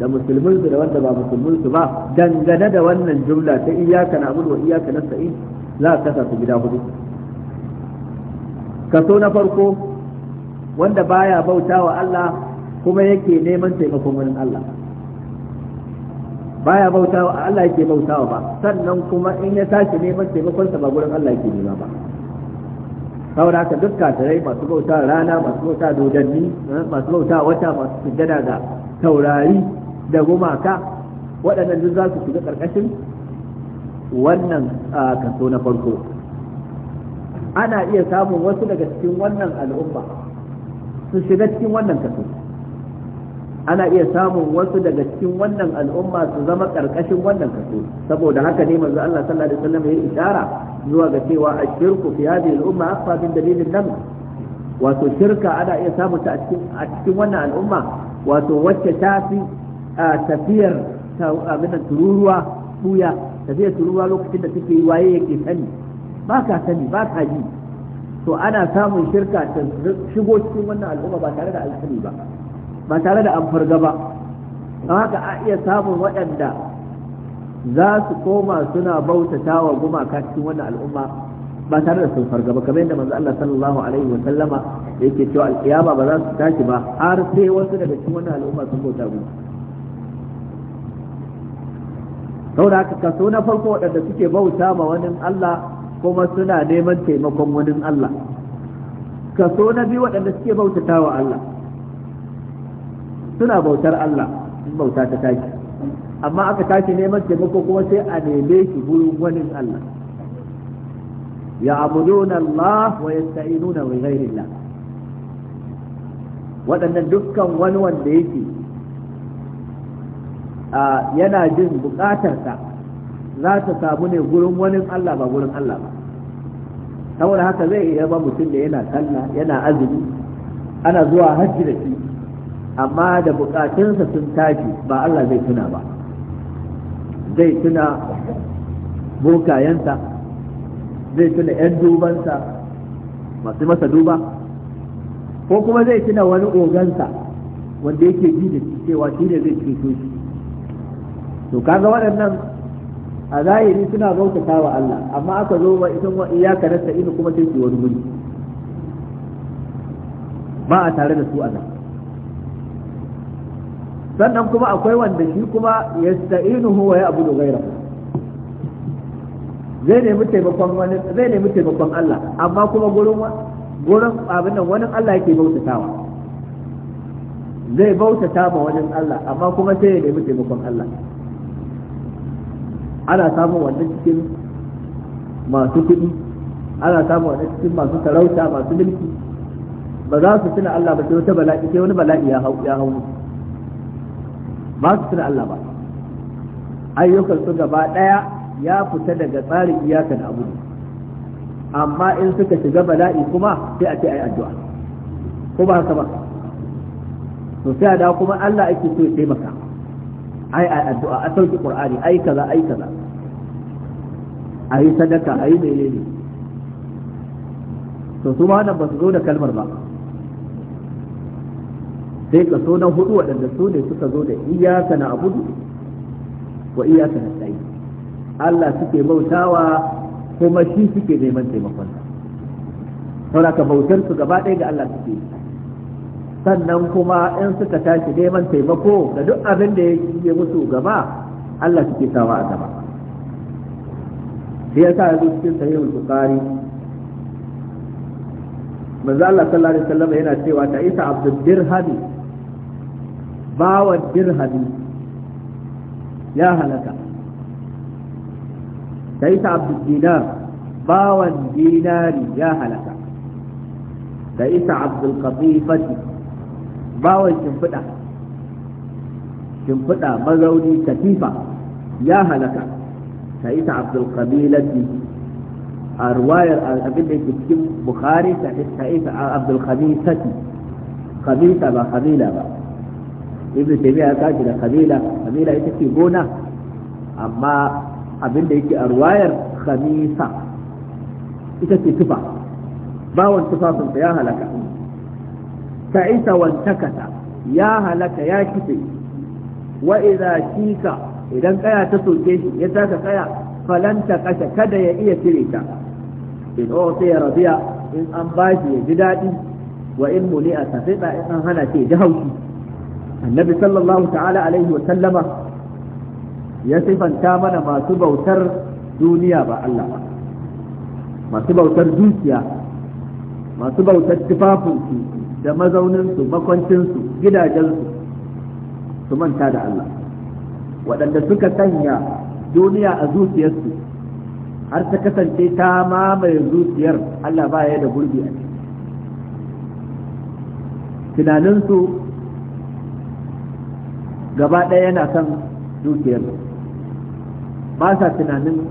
da musulmin su da wanda ba musulmin su ba dangane da wannan jumla ta iyyaka na'budu wa na sa'i za ka kasa su gida hudu kaso na farko wanda baya bautawa Allah kuma yake neman taimakon wurin Allah baya bautawa Allah yake bautawa ba sannan kuma in ya tashi neman taimakon sa ba gurin Allah yake nema ba saboda haka duk kafirai masu bauta rana masu bauta dodanni eh, masu bauta wata masu sujjada ga taurari da gumaka waɗannan duk za su shiga ƙarƙashin wannan kaso na farko ana iya samun wasu daga cikin wannan al'umma su shiga cikin wannan kaso ana iya samun wasu daga cikin wannan al'umma su zama ƙarƙashin wannan kaso saboda haka ne manzo Allah sallallahu alaihi wasallam ya isara zuwa ga cewa ashirku fi hadhihi al'umma akfa min dalilin nam wato shirka ana iya samun ta a cikin wannan al'umma wato wacce ta fi tafiyar abin tururuwa buya tafiyar tururuwa lokacin da take yi waye yake sani ba ka sani ba ka ji to ana samun shirka ta shigo cikin wannan al'umma ba tare da alheri ba ba tare da an farga ba don haka a iya samun waɗanda za su koma suna bautata wa gumaka cikin wannan al'umma ba tare da sun farga ba kamar yadda manzo Allah sallallahu alaihi wa sallama yake cewa al-qiyama ba za su tashi ba har sai wasu daga cikin wannan al'umma sun bauta gumaka saboda haka kaso na farko waɗanda suke bauta ma wani Allah kuma suna neman taimakon wani Allah kaso na biyu waɗanda suke bautata wa Allah suna bautar Allah in bauta ta tashi amma aka tashi neman taimako kuma sai a neme shi gurin wani Allah ya'buduna Allah wa yasta'inuna bi ghayrillah waɗannan dukkan wani wanda yake yana jin buƙatarsa za ta samu ne gurin wani Allah ba gurin Allah ba saboda haka zai iya ba mutum da yana sallah yana azumi ana zuwa hajji da shi amma da bukatunsa sun tashi ba Allah zai tuna ba zai tuna bokayensa zai tuna 'yan dubansa masu masa duba ko kuma zai tuna wani ogansa wanda yake ji da cewa shi ne zai ceto shi to kaga waɗannan a zahiri suna bautata wa Allah amma aka zo ba isan wa iyaka nasta kuma sai su wani guri ba a tare da su a nan sannan kuma akwai wanda shi kuma yasta'inuhu wa ya'budu ghayrahu zai nemi taimakon wani zai nemi taimakon Allah amma kuma gurin gurin abin nan wani Allah yake bautatawa zai bautata ma wani Allah amma kuma sai ya nemi taimakon Allah ana samun wannan cikin masu kudi ana samun wannan cikin masu sarauta masu mulki ba za su tuna Allah ba sai wata bala'i sai wani bala'i ya hau ya hau musu ba su tuna Allah ba ayyukan su gaba daya ya fita daga tsarin iyaka da abu amma in suka shiga bala'i kuma sai a ce ai addu'a ko ba haka ba to sai da kuma Allah ake so ya taimaka ai ai addu'a a sauki qur'ani ai kaza ai kaza ai sadaka ai menene to su ma ba su zo da kalmar ba sai kaso na hudu waɗanda su ne suka zo da iyaka na abudu wa iyaka na tsayi Allah suke bautawa kuma shi suke neman taimakon ka bautar su gaba ɗaya ga Allah suke sannan kuma in suka tashi neman taimako da duk abin da ya musu gaba Allah suke sawa a gaba sai ya sa yanzu cikin sahihul bukhari manzo Allah sallallahu alaihi wasallam yana cewa ta isa abdul dirhami bawa dirhami ya halaka sai ta abdul dinar bawan dinari ya halaka da isa abdul qatifati bawan shimfiɗa shimfiɗa mazauni katifa ya halaka ta isa abdul qabilati a ruwayar abin da yake cikin bukhari ta isa abdul khamisati khamisa ba khamila ba ibn taymiya ya kashi da kabila kabila ita ce gona amma abin da yake a ruwayar khamisa ita ce tufa bawon tufafinsa ya halaka ta isa wantakata ya halaka ya kife wa idza shika idan kaya ta soke shi ya taka kaya falanta ta kasha kada ya iya cire ta in o sai ya rabiya in an bashi ya ji daɗi wa in muni a tafiɗa in an hana ce ji haushi annabi sallallahu ta'ala alaihi wa sallama ya sifanta mana masu bautar duniya ba Allah ba masu bautar dukiya masu bautar tufafinsu da mazauninsu makwancinsu gidajensu su manta da Allah waɗanda suka sanya duniya a zuciyarsu har ta kasance ta mamaye zuciyar Allah ba ya da gurbi a tunaninsu gaba ɗaya yana kan dukiyar ba sa tunanin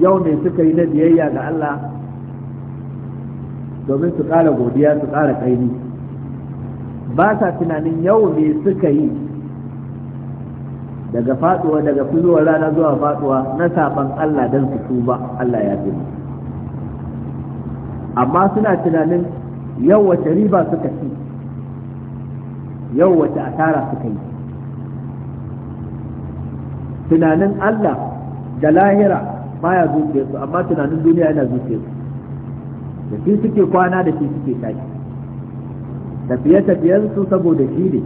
yau ne suka yi na biyayya ga Allah domin su ƙara godiya su ƙara ƙaini ba sa tunanin yau ne suka yi daga faɗuwa daga fitowar rana zuwa faɗuwa na saban Allah don su tuba Allah ya fi amma suna tunanin yau wace riba suka ci yau wace asara suka yi tunanin Allah da lahira baya zuke su amma tunanin duniya yana zuke su da shi suke kwana da shi suke tashi tafiye tafiyen su saboda shi ne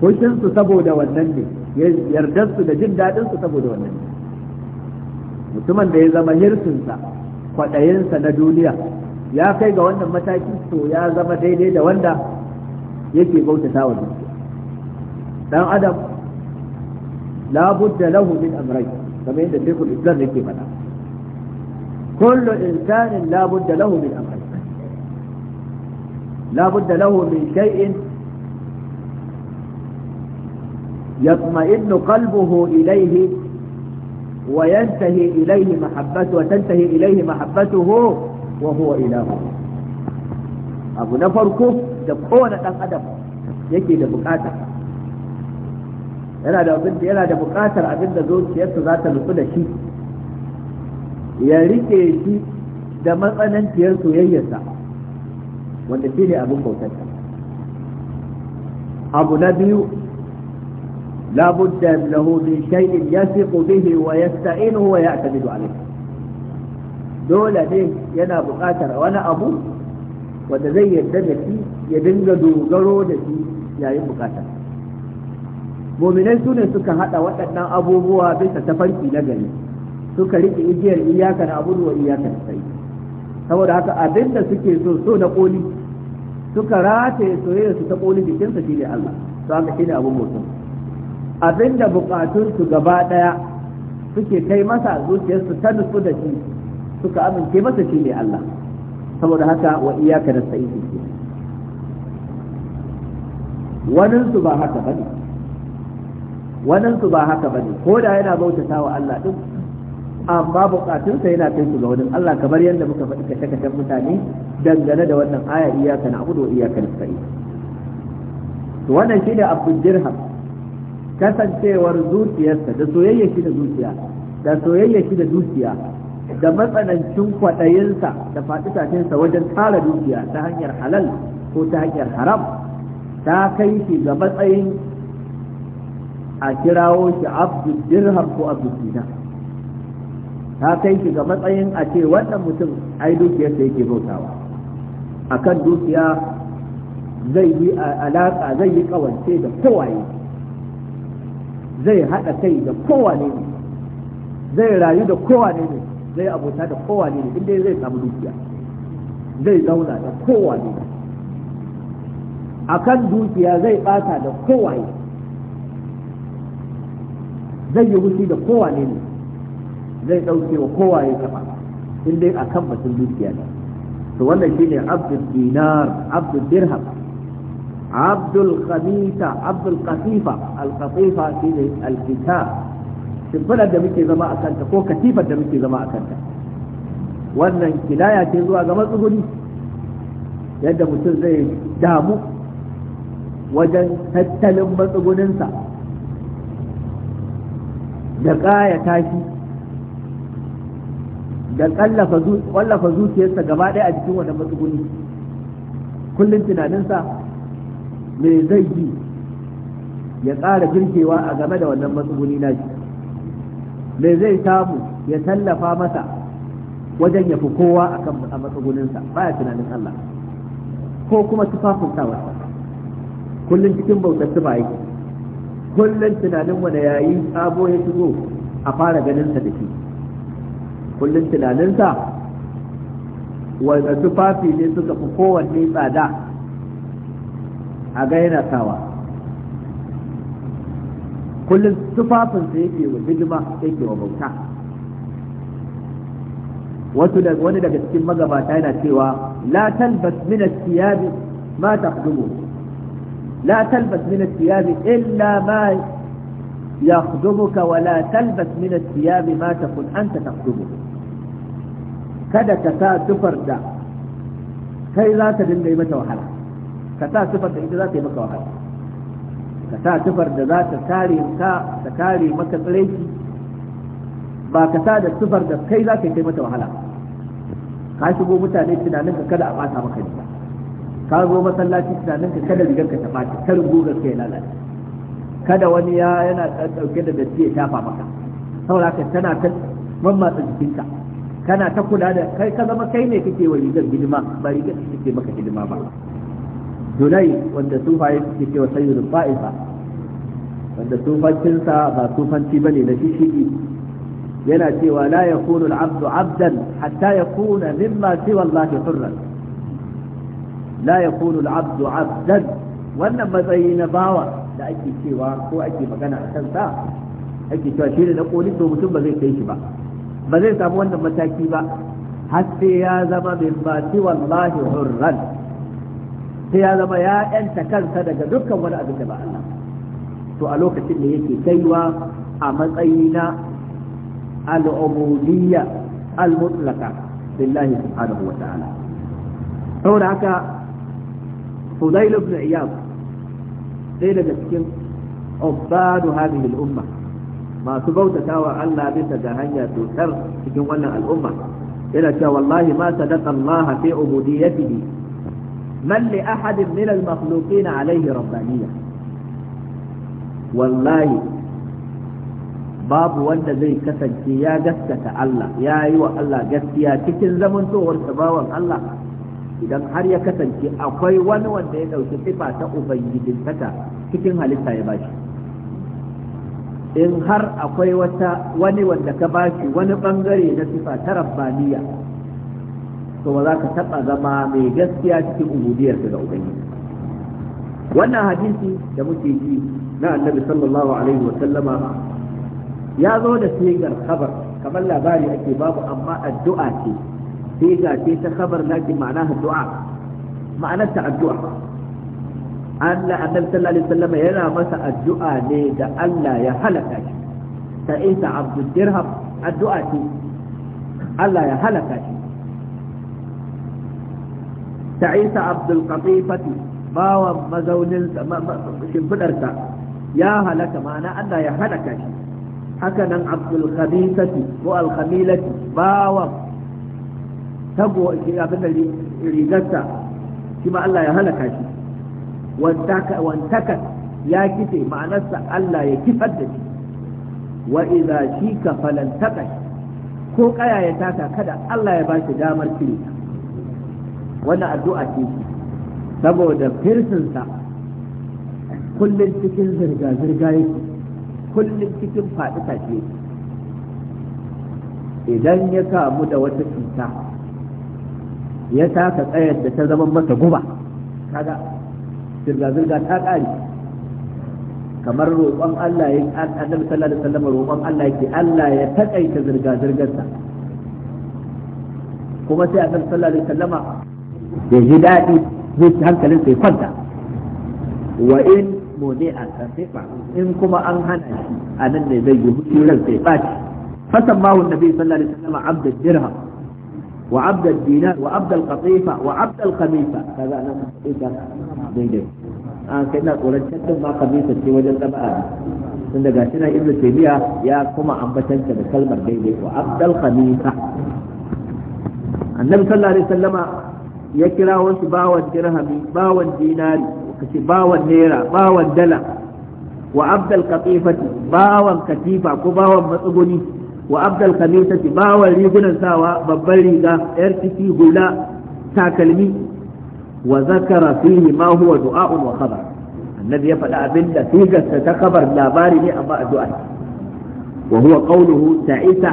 hushin su saboda wannan ne yardar su da jin dadin su saboda wannan ne mutumin da ya zama hirsinsa kwaɗayinsa na duniya ya kai ga wannan mataki to ya zama daidai da wanda yake bautata wa dukiya dan adam لا بد له من امرين كما عند شيخ الاسلام في منا كل انسان لا بد له من امرين لا بد له من شيء يطمئن قلبه اليه وينتهي اليه محبته وتنتهي اليه محبته وهو اله ابو نفركم دقونا دان ادب يكي دبقاته yana da abin yana da buƙatar abin da zuciyarsa za ta nutsu da shi ya rike shi da matsanantiyar soyayyarsa wanda shi ne abin bautarsa abu na biyu لا بد له من شيء يثق به ويستعينه ويعتمد عليه dole ne yana buƙatar wani abu wanda zai yarda da shi ya dinga dogaro da shi yayin buƙatar mominai su ne suka hada waɗannan abubuwa bisa farki na gari suka riƙe igiyar iyakar na abudu wa iyaka sai saboda haka abinda suke so so na koli suka rataye soyayya su ta koli jikinsa shi ne Allah to haka shi ne abin mutum abinda bukatun su gaba daya suke kai masa zuciyarsu ta nutsu da shi suka amince masa shi ne Allah saboda haka wa iyakar sai wani su ba haka bane waɗansu ba haka ba ne ko da yana bautata wa Allah ɗin amma buƙatunsa yana kai su ga wani Allah kamar yadda muka faɗi kashe-kashen mutane dangane da wannan aya iyaka na abu da iyaka na sa'i to wannan shi ne abu dirham kasancewar zuciyarsa da soyayya shi da zuciya da soyayya shi da dukiya da matsanancin kwaɗayinsa da faɗi wajen tara dukiya ta hanyar halal ko ta hanyar haram ta kai shi ga matsayin a kirawo shi abdul dirham ko abdul dinar ta kai shi ga matsayin a ce wannan mutum ai sai yake bautawa akan dukiya zai yi alaƙa zai yi kawance da kowaye zai haɗa kai da kowane ne zai rayu da kowane ne zai abota da kowane ne inda zai samu dukiya zai zauna da kowane ne akan dukiya zai ɓata da kowane zai yi wuce da kowane ne zai ɗauke wa kowa ya taɓa in dai a kan batun dukiya ne to wannan shi ne abdul dinar abdul dirham abdul khamisa abdul qatifa al qatifa shine al kitab shimfiɗar da muke zama a kanta ko katifar da muke zama a kanta wannan kilaya ce zuwa ga matsuguni yadda mutum zai damu wajen tattalin matsuguninsa da ƙayata shi da ƙwallafa zuciyarsa gaba ɗaya a jikin wannan matsuguni kullum tunaninsa me zai yi ya ƙara birgewa a game da wannan matsuguni na shi me zai samu ya tallafa masa wajen ya fi kowa a matsuguninsa baya tunanin Allah ko kuma tufafin sawarsa kullum cikin bautar tufa yake kullum tunanin ya yayi sabo ya shigo a fara ganinsa da shi kullum tunaninsa wanda tufafi ne suka fi kowanne tsada a ga yana sawa kullum tufafinsa yake wa hidima yake wa bauta wasu wani daga cikin magabata yana cewa la talbas siyabi ma taqdumu لا تلبس من الثياب إلا ما يخدمك ولا تلبس من الثياب ما تكن أنت تخدمه kada ka sa tufar da kai za ta dinga yi mata wahala ka sa tufar da ita za ta yi maka wahala ka sa tufar da za ta kare ka ta kare maka tsiraici ba ka sa da tufar da kai za ka yi mata wahala ka shigo mutane tunanin ka kada a bata maka riga ka zo masallaci tunanin ka kada rigar ka ta ɓaci kar gugar ka ya lalace kada wani ya yana ɗauke da datti ya shafa maka saboda ka tana ta mammatsa jikinka kana ta kula da kai ka zama kai ne kake wa rigar hidima ba rigar kake maka hidima ba julai wanda sufaye suke cewa sayyidul fa'ifa wanda sufancinsa ba sufanci bane na shishigi yana cewa la yakunu al-abdu abdan hatta yakuna mimma siwa Allah hurran la yakunu al-abdu 'abdan wannan matsayi na bawa da ake cewa ko ake magana a kansa ake cewa shi ne na koli to mutum ba zai kai shi ba ba zai samu wannan mataki ba har sai ya zama min ba wallahi hurran sai ya zama ya kansa daga dukkan wani abin da ba to a lokacin da yake kaiwa a matsayi na al'ubudiyya al-mutlaqa billahi subhanahu wa ta'ala saboda haka fudayl ibn iyad sai daga cikin ubbadu hadhihi umma masu bautatawa Allah bisa ga hanya tutar cikin wannan al'umma yana cewa wallahi ma sadaqa Allah fi ubudiyyatihi man li ahadin min al-makhluqin alayhi rabbaniyya wallahi babu wanda zai kasance ya gaskata Allah ya yi wa Allah gaskiya cikin zamantowar bawan Allah idan har ya kasance akwai wani wanda ya ɗauki sifa ta ubangijintaka cikin halitta ya bashi in har akwai wata wani wanda ka bashi wani bangare na sifa ta rabbaniya to ba za ka taɓa zama mai gaskiya cikin ubudiyar ga ubangiji wannan hadisi da muke ji na annabi sallallahu alaihi wa sallama ya zo da sigar khabar kamar labari ake babu amma addu'a ce siga ce ta khabar lakin ma'ana addu'a ma'anar ta addu'a Allah annabi sallallahu alaihi wasallam yana masa addu'a ne da Allah ya halaka shi ta isa abdul dirham addu'a ce Allah ya halaka shi ta isa abdul qatifati bawan mazaunin shimfidarsa ya halaka ma'ana Allah ya halaka shi haka nan abdul khabisati ko al khamilati bawan tago abin da rigarsa shi ma Allah ya halaka shi wantaka ya kife ma'anarsa Allah ya kifar da shi wa idza shika falantaka ko kaya ya taka kada Allah ya bashi damar cire wannan addu'a ce saboda firsinsa kullum cikin zirga-zirga yake kullum cikin faɗi ta tashe idan ya kamu da wata cuta ya taka tsayar da ta zama masa guba Kada zirga-zirga ta ƙare kamar roƙon Allah ya annabi sallallahu alaihi wasallam roƙon Allah yake Allah ya takaita zirga-zirgarsa kuma sai annabi sallallahu alaihi wasallama ya ji daɗi zai hankalin sai kwanta wa in mudi'a tasifa in kuma an hana shi anan ne zai yi hujjar sai baci fasamma wa annabi sallallahu alaihi wasallama abdul dirham وعبد الدينار وعبد القطيفة وعبد الخميسة كذا أنا إذا ديدي an kai na tsoron cancan ma kamisa ce wajen ɗaba'a tun daga shi na ibn ya kuma ambatanta da kalmar daidai wa abdal khamisa annabi sallallahu alaihi wasallama ya kira wasu bawan dirhami bawan dinari kace bawan naira bawan dala wa abdal bawan katifa ko bawan matsuguni wa abdal ta bawar rigunan sawa babban riga yar ciki hula takalmi wa zakara fihi ma huwa du'a'un wa khabar annabi ya faɗa abin da sigarsa ta kabar labari ne amma addu'a wa huwa qawluhu ta'isa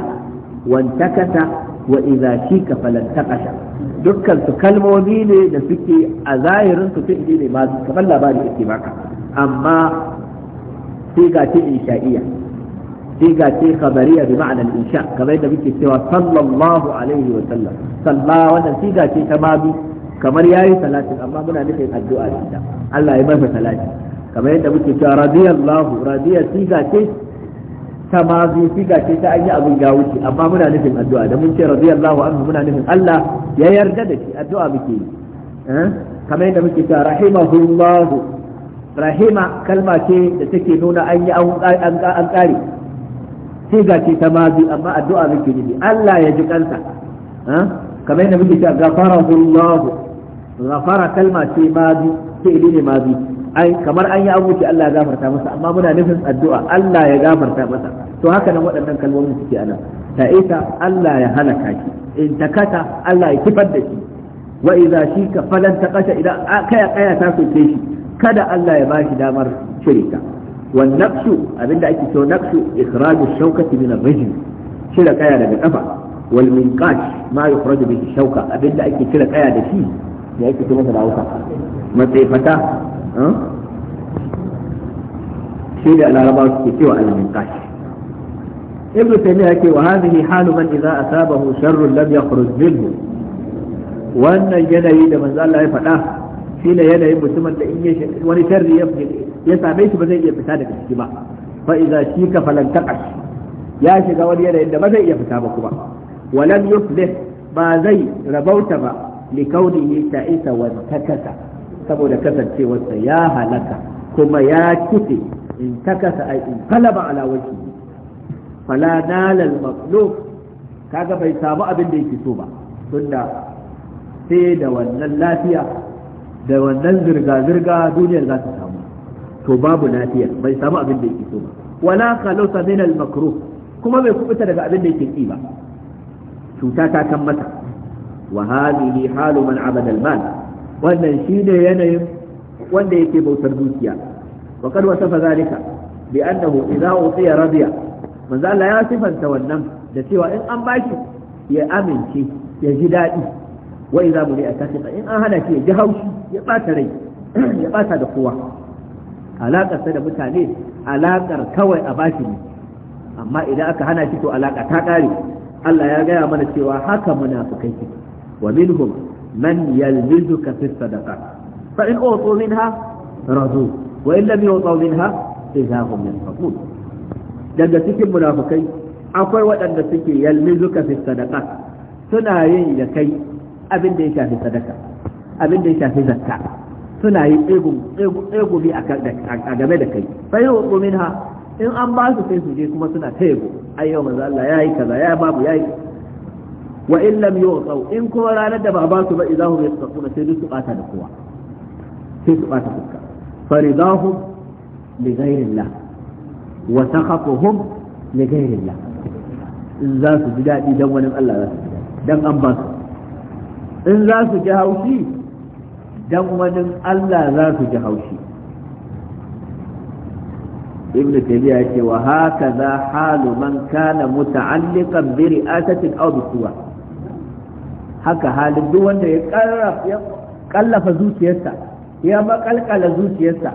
wantakasa wa idza shika falantakasha dukkan su kalmomi ne da suke a zahirin su fi'li ne ma kamar labari yake maka. amma siga ce insha'iyya sai ga ce khabariya bi ma'anar insha kamar yadda muke cewa sallallahu alaihi wa sallam salla wannan siga ce ta kamar yayi salatin amma muna nufin addu'a da ita Allah ya masa salati kamar yadda muke cewa radiyallahu radiya siga ce ta siga ce ta an yi abin ya wuce amma muna nufin addu'a da mun ce radiyallahu anhu muna nufin Allah ya yarda da shi addu'a muke yi eh? kamar yadda muke cewa rahimahullahu rahima kalma ce da take nuna an an kare sai ga ce ta mazi amma addu'a muke nufi Allah ya ji kansa kamar yadda muke cewa gafara Allah Gafara kalma ce mazi sai ili ne mazi ai kamar an yi abuci Allah ya gafarta masa amma muna nufin addu'a Allah ya gafarta masa to haka nan waɗannan kalmomin suke a nan ta'isa Allah ya halaka shi in takata Allah ya kifar da shi wa idza shika falan taqata idan kaya kaya ta soke shi kada Allah ya bashi damar shirika wan naqshu abinda ake cewa naqshu ikhraju shawkati min ar-rijl cire kaya daga kafa wal minqash ma yukhraju bihi shawka abinda ake cire kaya da shi da ake cewa da hausa matsaifata shi da laraba suke cewa al-minqash ibnu taymiya yake wa hadhihi halu man idza asabahu sharrun lam yakhruj minhu wannan yanayi da manzo ya faɗa shi ne yanayin mutumin da in ya wani ya same shi ba zai iya fita daga ciki ba fa idza shika falan taqash ya shiga wani yanayin da ba zai iya fita ba kuma walam yuflih ba zai rabauta ba li kaunihi ta'isa wa takasa saboda kasancewarsa ya halaka kuma ya kife in takasa ai in kalaba ala wajhi fala nala al maqlub kaga bai samu abin da yake so ba tunda sai da wannan lafiya da wannan zirga-zirga duniyar za ta samu to babu lafiya bai samu abin da yake so ba wala khalasa min al makruh kuma bai kubuta daga abin da yake ki ba cuta ta kan mata wa hadhihi halu man abada al mal wannan shine yanayin wanda yake bautar dukiya wa kad wasafa zalika bi annahu idza utiya radiya manzo Allah ya sifanta wannan da cewa in an bashi ya amince ya ji daɗi wa idza muli atafika in an hana shi ya ji haushi ya bata rai ya bata da kowa sa da mutane alaƙar kawai a bashi ne amma idan aka hana shi to alaƙa ta ƙare Allah ya gaya mana cewa haka munafukai ke wa minhum man yalmizuka fi sadaqa fa in utu minha radu wa in lam yutu minha idza hum yanfaqun daga cikin munafukai akwai waɗanda suke yalmizuka fi sadaqa suna yin da kai abin da ya shafi sadaka abin da ya shafi zakka suna yi tsegumi a game da kai sai yi wasu minha in an ba su sai su je kuma suna ta yabo ai yau maza Allah ya yi kaza ya babu ya yi wa in lam yu'tau in kuma ranar da ba ba su ba idahu yasquna sai duk su bata da kowa sai su bata fuska faridahum li ghayrillah wa sakhafuhum li ghayrillah in za su ji daɗi dan wani Allah za su ji dan an ba su in za su ji haushi dan wani Allah za su ji haushi ibn tabiya ce wa haka za halu man kana muta'alliqan bi ri'asatin aw haka halin duk wanda ya karrafa kallafa zuciyarsa ya makalkala zuciyarsa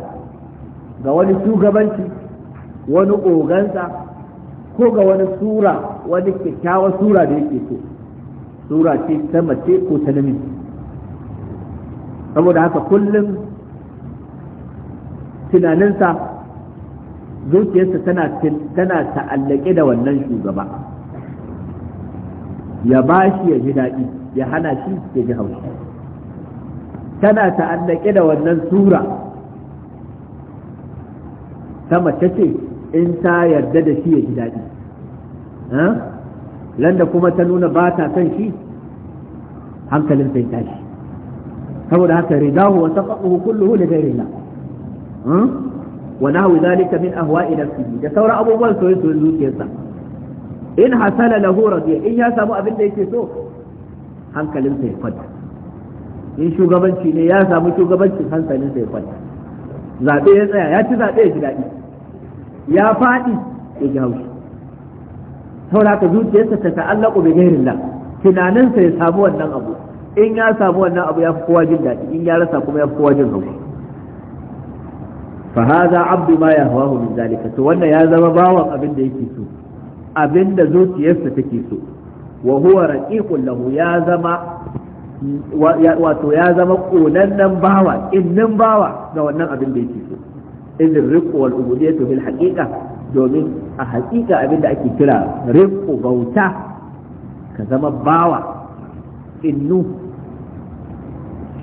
ga wani shugabanci wani ogansa ko ga wani sura wani kyakkyawar sura da yake so sura ce ta mace ko ta namiji saboda haka kullum tunaninsa zuciyarsa tana tana ta'allake da wannan shugaba ya ba shi ya ji daɗi ya hana shi ya ji haushi tana ta'allake da wannan sura ta mace ce in ta yarda da shi ya ji daɗi landa kuma ta nuna ba ta son shi hankalin sai tashi saboda haka ridahu wa safahu kulluhu li ghayrillah wa nahwi dhalika min ahwa'i nafsihi da sauran abubuwan soyayya soyayya zuciyarsa in hasala lahu radiya in ya samu abin da yake so hankalinsa ya kwanta in shugabanci ne ya samu shugabancin hankalinsa ya kwanta zaɓe ya tsaya ya ci zaɓe ya ji daɗi ya faɗi ya ji haushi saboda haka zuciyarsa ta ta'allaku bi la, tunaninsa ya samu wannan abu in ya samu wannan abu ya fi kowa jin daɗi in ya rasa kuma ya fi kowa jin haushi fa hadha abdu ma yahwahu min zalika to wannan ya zama bawan abin da yake so abin da zuciyarsa take so wa huwa raqiqun lahu ya zama wato ya zama konannen bawa innin bawa ga wannan abin da yake so idin riqu wal ubudiyatu bil haqiqa domin a haƙiƙa abin da ake kira riqu bauta ka zama bawa innu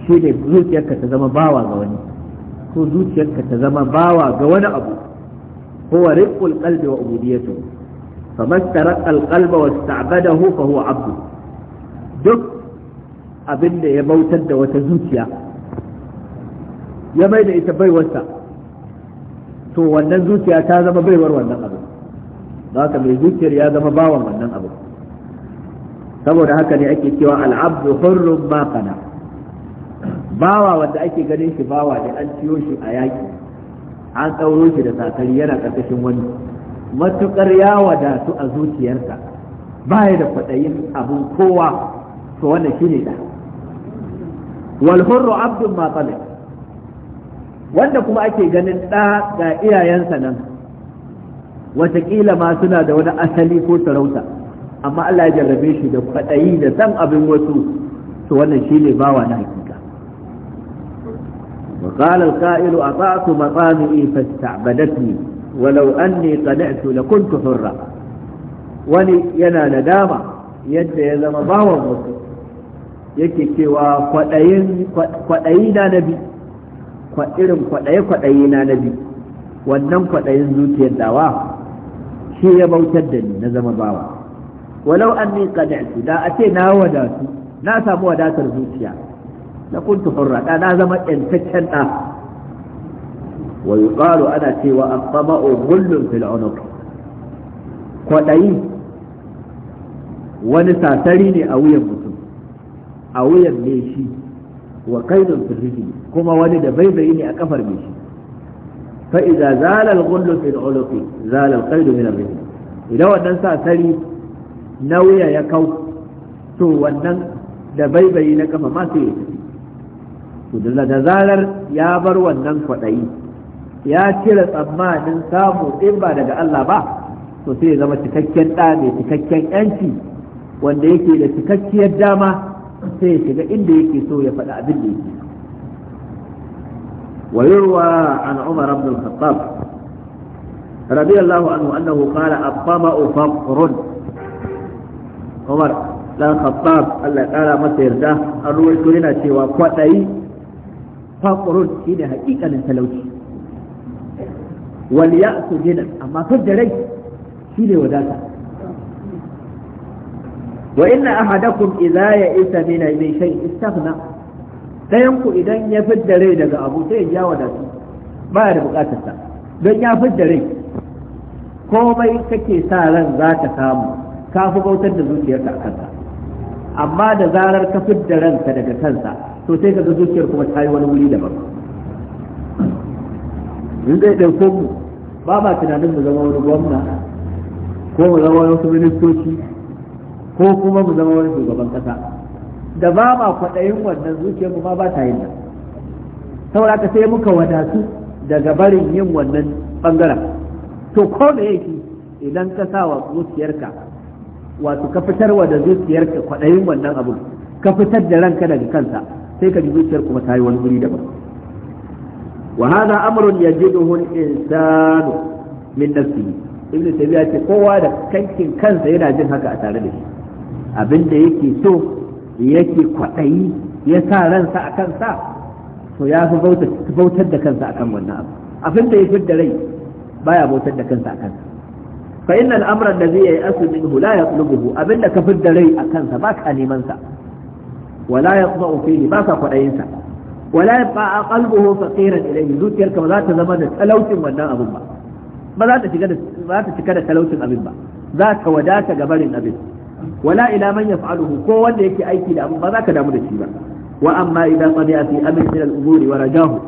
shi ne zuciyarka ta zama bawa ga wani ko zuciyarka ta zama bawa ga wani abu huwa riƙul qalbi wa ubudiyatu faman taraka alqalba wasta'badahu fa huwa abdu duk abin da ya bautar da wata zuciya ya mai da ita baiwarsa to wannan zuciya ta zama baiwar wannan abu haka mai zuciyar ya zama bawan wannan abu saboda haka ne ake cewa al'abdu hurrun ma qada bawa wanda ake ganin shi bawa da an ciyo shi a yaki an tsauro shi da sakari yana karkashin wani matukar ya wadatu a zuciyarsa baya da kwaɗayin abin kowa to shi ne da wal hurru abdun ma qada wanda kuma ake ganin ɗa ga iyayensa nan watakila ma suna da wani asali ko sarauta amma Allah ya jarrabe shi da kwaɗayi da san abin wasu to wannan shi ne bawa na hakika wa qala al-qa'ilu ata'tu matami'i fasta'badatni walau anni qana'tu lakuntu hurra wani yana nadama yadda ya zama bawan wasu yake cewa kwaɗayin kwaɗayi na nabi irin kwaɗaye kwaɗayi na nabi wannan kwaɗayin zuciyar dawa shi ya bautar da ni na zama bawa walau anni qad'tu da a ce na wadatu na samu wadatar zuciya la kuntu hurra da na zama yantaccen da wa yuqalu ana cewa at-tama'u ghullun fil unuq kwadayi wani sasari ne a wuyan mutum a wuyan mai shi wa kaidun firriji kuma wani da baibayi ne a kafar shi idan wannan na wuya ya kau to wannan da baibayi na kafa masu sai ya to da zarar ya bar wannan kwaɗayi ya cire tsammanin samu in ba daga Allah ba to sai ya zama cikakken ɗa mai cikakken yanci wanda yake da cikakkiyar dama sai ya shiga inda yake so ya faɗa abin da yake ويروى عن عمر بن الخطاب رضي الله عنه أنه قال الطمأ فقر Umar dan Khattab Allah kara masa yarda an ruwaito yana cewa kwadayi faqrun shine haƙiƙanin talauci wal ya'su jinan amma da rai shine wadata wa inna ahadakum idha ya'isa min shay'in istaghna dayan ku idan ya fidda rai daga abu sai ya wadata ba da bukatarsa don ya fidda rai komai kake sa ran za ka samu ka fi bautar da zuciyarka a kansa amma da zarar ka fidda ranka daga kansa to sai ka ga zuciyar kuma ta yi wani wuri daban in zai ɗauko mu ba ma tunanin mu zama wani gwamna ko mu zama wani ministoci ko kuma mu zama wani shugaban kasa da ba ma kwaɗayin wannan zuciyar mu ma ba ta yin nan saboda ka sai muka wadatu daga barin yin wannan bangaren to ko da yake idan ka sa wa zuciyarka wato ka wa da ka kwaɗayin wannan abun ka fitar da ranka daga kansa sai ka ji zuciyar kuma ta yi wani guri daban wa hada amrun yajiduhu al-insanu min nafsihi ibn tabiya ce kowa da kankin kansa yana jin haka a tare da shi abin da yake so yake kwaɗayi ya sa ransa a kansa to ya fi bautar da kansa akan wannan abu abin da ya fi da rai baya bautar da kansa a kansa fa inna al'amran da zai yi asu minhu la yatlubuhu abinda ka fidda rai a kansa ba ka neman sa wala yaqda'u fihi ba ka kwadayin sa wala yabqa qalbuhu faqiran ilayhi ka ba za ta zama da talaucin wannan abin ba ba za ta shiga da ba ta cika da talaucin abin ba za ka wadata ga barin abin wala ila man yaf'aluhu ko wanda yake aiki da abin ba za ka damu da shi ba wa amma idan qadi'a fi amrin min al-umuri wa rajahu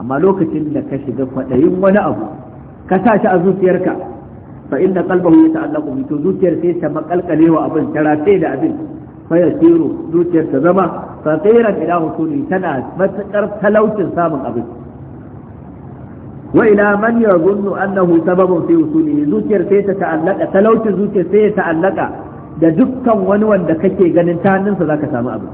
amma lokacin da ka shiga kwadayin wani abu ka sa shi a zuciyarka fa inda qalbahu yata'allaqu bi to zuciyar sai ta wa abin ta sai da abin fa yasiru zuciyar ta zama fatiran ila husuli tana matakar talaucin samun abin wa ila man yadhunnu annahu sababun fi husuli zuciyar sai ta ta'allaka talaucin zuciyar sai ta ta'allaka da dukkan wani wanda kake ganin ta hannunsa zaka samu abin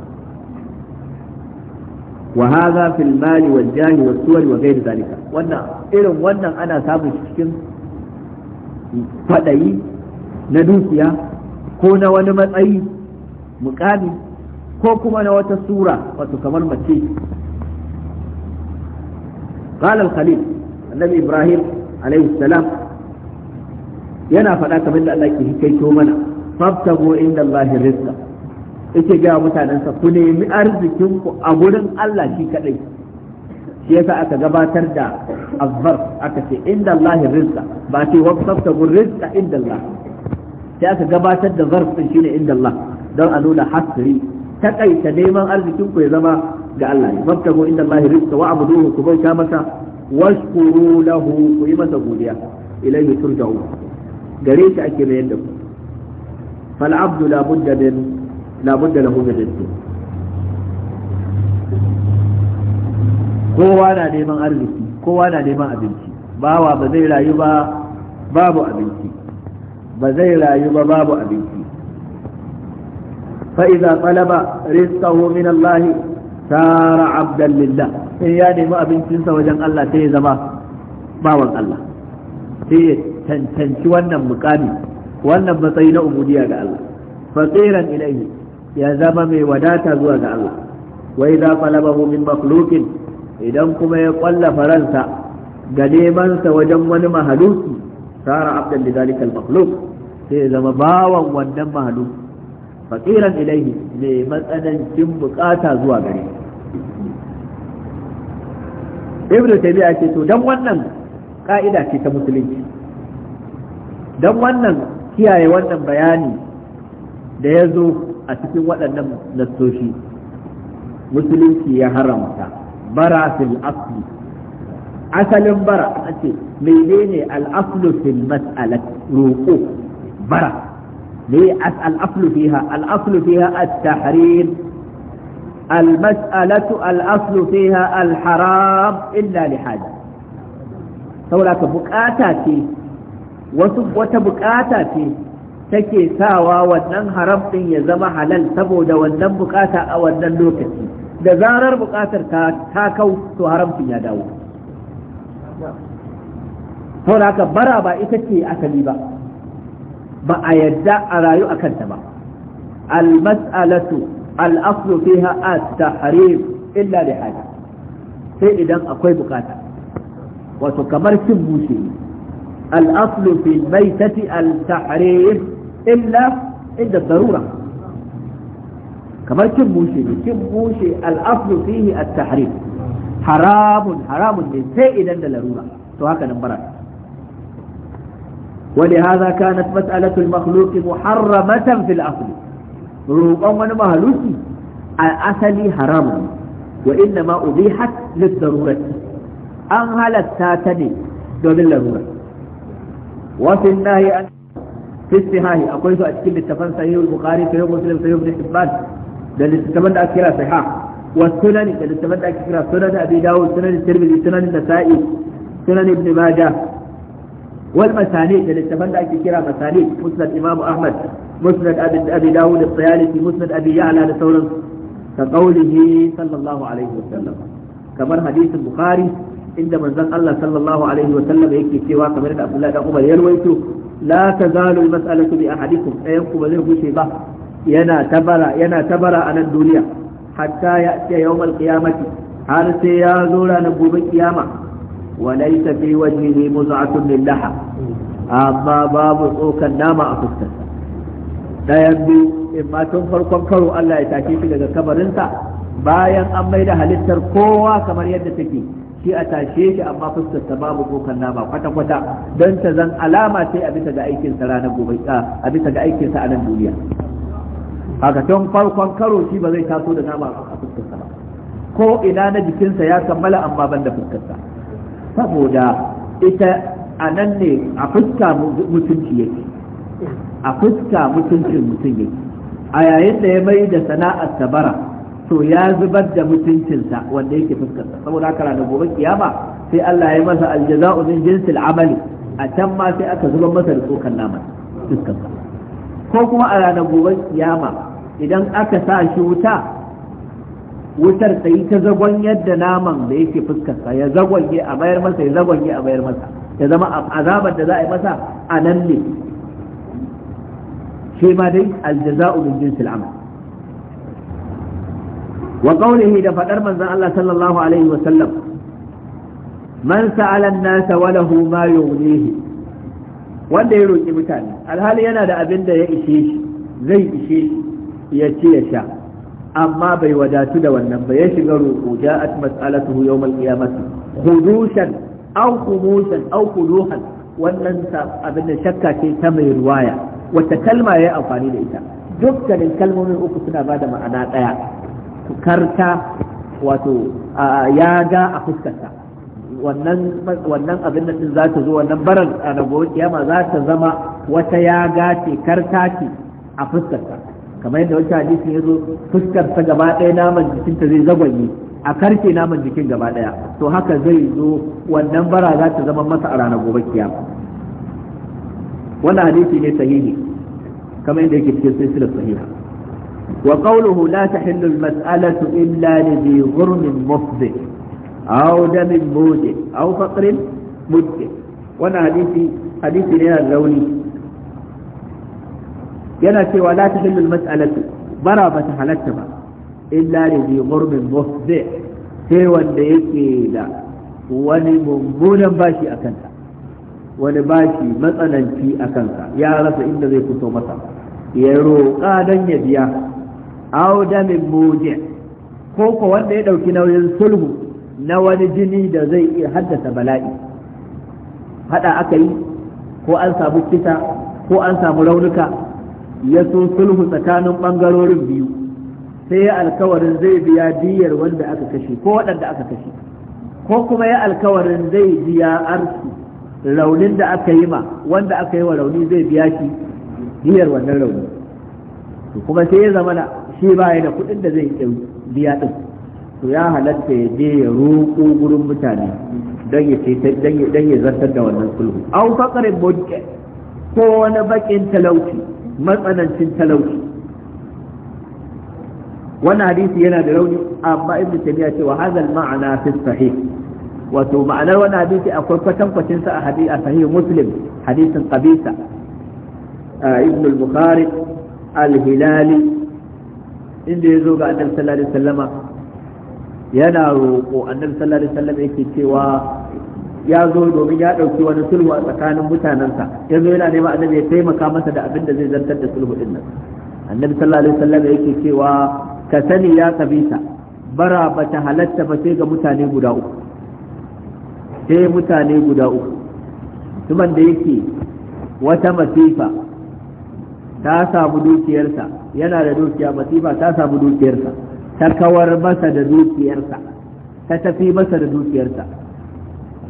وهذا في المال والجاه والصور وغير ذلك وانا irin wannan ana samun cikin kwaɗayi na dukiya ko na wani matsayi mukami ko kuma na wata sura wato kamar mace قال khalil annabi ibrahim عليه yana faɗa kamar da Allah ke hikaito mana fabtago inda Allah rizqa yake ga mutanen sa ku nemi arzikin ku a gurin Allah shi kadai shi yasa aka gabatar da azbar aka ce inda Allah rizqa ba ce wasafta gur rizqa inda Allah sai aka gabatar da zarf din shine inda Allah don a nuna hasri takaita neman arzikin ku ya zama ga Allah ne fabtagu inda Allah rizqa wa abuduhu ku bauta masa washkuru lahu ku yi masa godiya ilayhi turja'u gare shi ake mayar da ku fal abdu la budda min la budda lahu min rizqi kowa na neman arziki kowa na neman abinci bawa ba zai rayu ba babu abinci ba zai rayu ba babu abinci Fa'iza talaba rizqahu min Allah صار abdan lillah in ya nemi abincinsa wajen Allah sai ya zama bawan Allah sai ya cancanci wannan mukami wannan matsayi na ubudiya ga Allah fasiran ilaihi ya zama mai wadata zuwa ga Allah wa idza talabahu min makhluqin idan kuma ya kwalla faransa ga nemansa wajen wani mahaluki sara abdan da zalika al-makhluq sai zama bawan wannan mahaluki fakiran ilaihi ne matsanancin bukata zuwa gare ibnu taymiya ce to dan wannan ka'ida ce ta musulunci dan wannan kiyaye wannan bayani da ya zo a cikin waɗannan nassoshi musulunci ya haramta bara fil asli asalin bara a ce menene al'aslu fil mas'alat roƙo bara ne al'aslu fiha al'aslu fiha at-tahrim المسألة الأصل فيها الحرام إلا لحاجة saboda bukata wasu wata bukata ce take sawa wannan haram din ya zama halal saboda wannan bukata a wannan lokaci da zarar buƙatar ta kau to haramcin ya dawo saboda haka bara ba ita ce asali ba ba a yadda a rayu a kanta ba al-mas'alatu al fiha at-tahrim illa li haja sai idan akwai bukata wato kamar cin bushe al-aslu fi maitati al-tahrim illa inda darura kamar cin mushe ne cin mushe al'aflu fihi at-tahrim haramun haramun ne sai idan da larura to haka nan bara ولهذا كانت مسألة المخلوق محرمة في الأصل روقا ونمهلوك الأصل حرام وإنما أبيحت للضرورة أنهل التاتني دون اللرورة وفي النهي أن في السهاي أقول أتكلم التفن سيد البخاري سيد مسلم سيد ابن حبان da littattafan da aka kira ha wa sunani da littattafan da aka kira sunan abi dawud sunan tirmidhi sunan nasa'i sunan ibn maja wal masani da littattafan da aka kira masani musnad imam ahmad musnad abi dawud da sayalisi musnad abi ya'la da sauran ka qawlihi sallallahu alaihi wa sallam kamar hadisin bukhari inda manzon Allah sallallahu alaihi wa sallam yake cewa kamar da Abdullahi da Umar ya rawaito la tazalu al-mas'alatu bi ahadikum ayyukum zai yushi ba yana tabara a nan duniya hatta ya ce yawmal qiyamati har sai ya zo ranar gobe kiyama wa laysa fi wajhihi muz'atun min laha amma babu tsokan nama a fuskar dayan biyu in ma tun farkon karo Allah ya take shi daga kabarinsa bayan an mai da halittar kowa kamar yadda take shi a tashe shi amma fuskar ta babu tsokan nama kwata kwata don ta zan alama sai a bisa ga aikinsa ranar gobe a bisa ga aikinsa a nan duniya haka tun farkon karo shi ba zai taso da nama a fuskarsa ba ko ina na jikinsa ya kammala amma ban da fuskarsa saboda ita a nan ne a fuska mutunci yake a fuska mutuncin mutum yake a yayin da ya mai da sana'ar sabara to ya zubar da mutuncinsa wanda yake fuskarsa saboda haka ranar gobe kiyama sai Allah ya masa aljaza'u min jinsil amali a can ma sai aka zubar masa da tsokan naman fuskarsa ko kuma a ranar gobe kiyama idan aka sa shi wuta wutar ta ta zagon yadda naman da yake fuskarsa ya zagonye a bayar masa ya zagonye a bayar masa ya zama azabar da za a yi masa a nan ne shi ma dai aljaza'u min jinsil amal wa qawlihi da fadar manzon Allah sallallahu alaihi wa sallam man sa'ala an-nasa wa lahu ma yughnihi wanda ya roki mutane alhali yana da abin da ya ishe shi zai ishe shi ya ci ya sha amma bai wadatu da wannan ba ya shiga roƙo ja'at mas'alatuhu yawmal qiyamati khudushan au khumushan au kuduhan wannan abin da shakka ce ta mai ruwaya wata kalma ya yi amfani da ita dukkanin kalmomin uku suna ba da ma'ana daya karta wato ya ga a fuskarta wannan abin da din za ta zo wannan baran a gobe kiyama za ta zama wata ya ga ce karta ce a fuskarta kamar yadda wancan hadisin ya zo fuskar ta gaba ɗaya naman jikin ta zai zagwanye a karke naman jikin gaba ɗaya to haka zai zo wannan bara za ta zama masa a ranar gobe kiyama wannan hadisi ne sahihi kamar yadda yake cikin silsilar sahiha wa qawluhu la tahillu al-mas'alatu illa li dhi ghurmin mufdi aw damin mudi aw faqrin mudi wannan hadisi hadisi ne da rauni yana cewa la tahillu mas'alatu bara ba ta halatta ba illa li bi ghurbin muhdi sai wanda yake da wani mummunan bashi a kanta wani bashi matsananci a kansa ya rasa inda zai fito masa ya roƙa don ya biya min muje ko ko wanda ya ɗauki nauyin sulhu na wani jini da zai iya haddasa bala'i hada aka yi ko an samu kisa ko an samu raunuka ya so sulhu tsakanin bangarorin biyu sai ya alkawarin zai biya diyar wanda aka kashe ko waɗanda aka kashe ko kuma ya alkawarin zai biya arsu raunin da aka yi ma wanda aka yi wa rauni zai biya shi diyar wannan rauni to kuma sai ya zama shi ba ya da kuɗin da zai biya ɗin to ya halatta ya je ya roƙo gurin mutane don ya don ya zartar da wannan sulhu au faqrin mudke ko wani bakin talauci matsanancin talauci wannan hadisi yana da rauni amma ibn tabiya cewa hadal ma'ana fi sahih wato ma'anar wannan hadisi akwai kwatankwacin sa a hadisi a sahih muslim hadisin qabisa eh, ibn al-bukhari al-hilali inda yazo ga annabi sallallahu alaihi wasallama yana roƙo annabi sallallahu alaihi wasallam yake cewa ya zo domin ya ɗauki wani sulhu a tsakanin mutanensa yanzu yana nema annabi ya taimaka masa da abin da zai zartar da sulhu din nan annabi sallallahu alaihi wasallam yake cewa ka sani ya kabisa bara ba ta halatta ba sai ga mutane guda uku sai mutane guda uku mutumin da yake wata masifa ta samu dukiyarsa yana da dukiya masifa ta samu dukiyarsa ta kawar masa da dukiyarsa ta tafi masa da dukiyarsa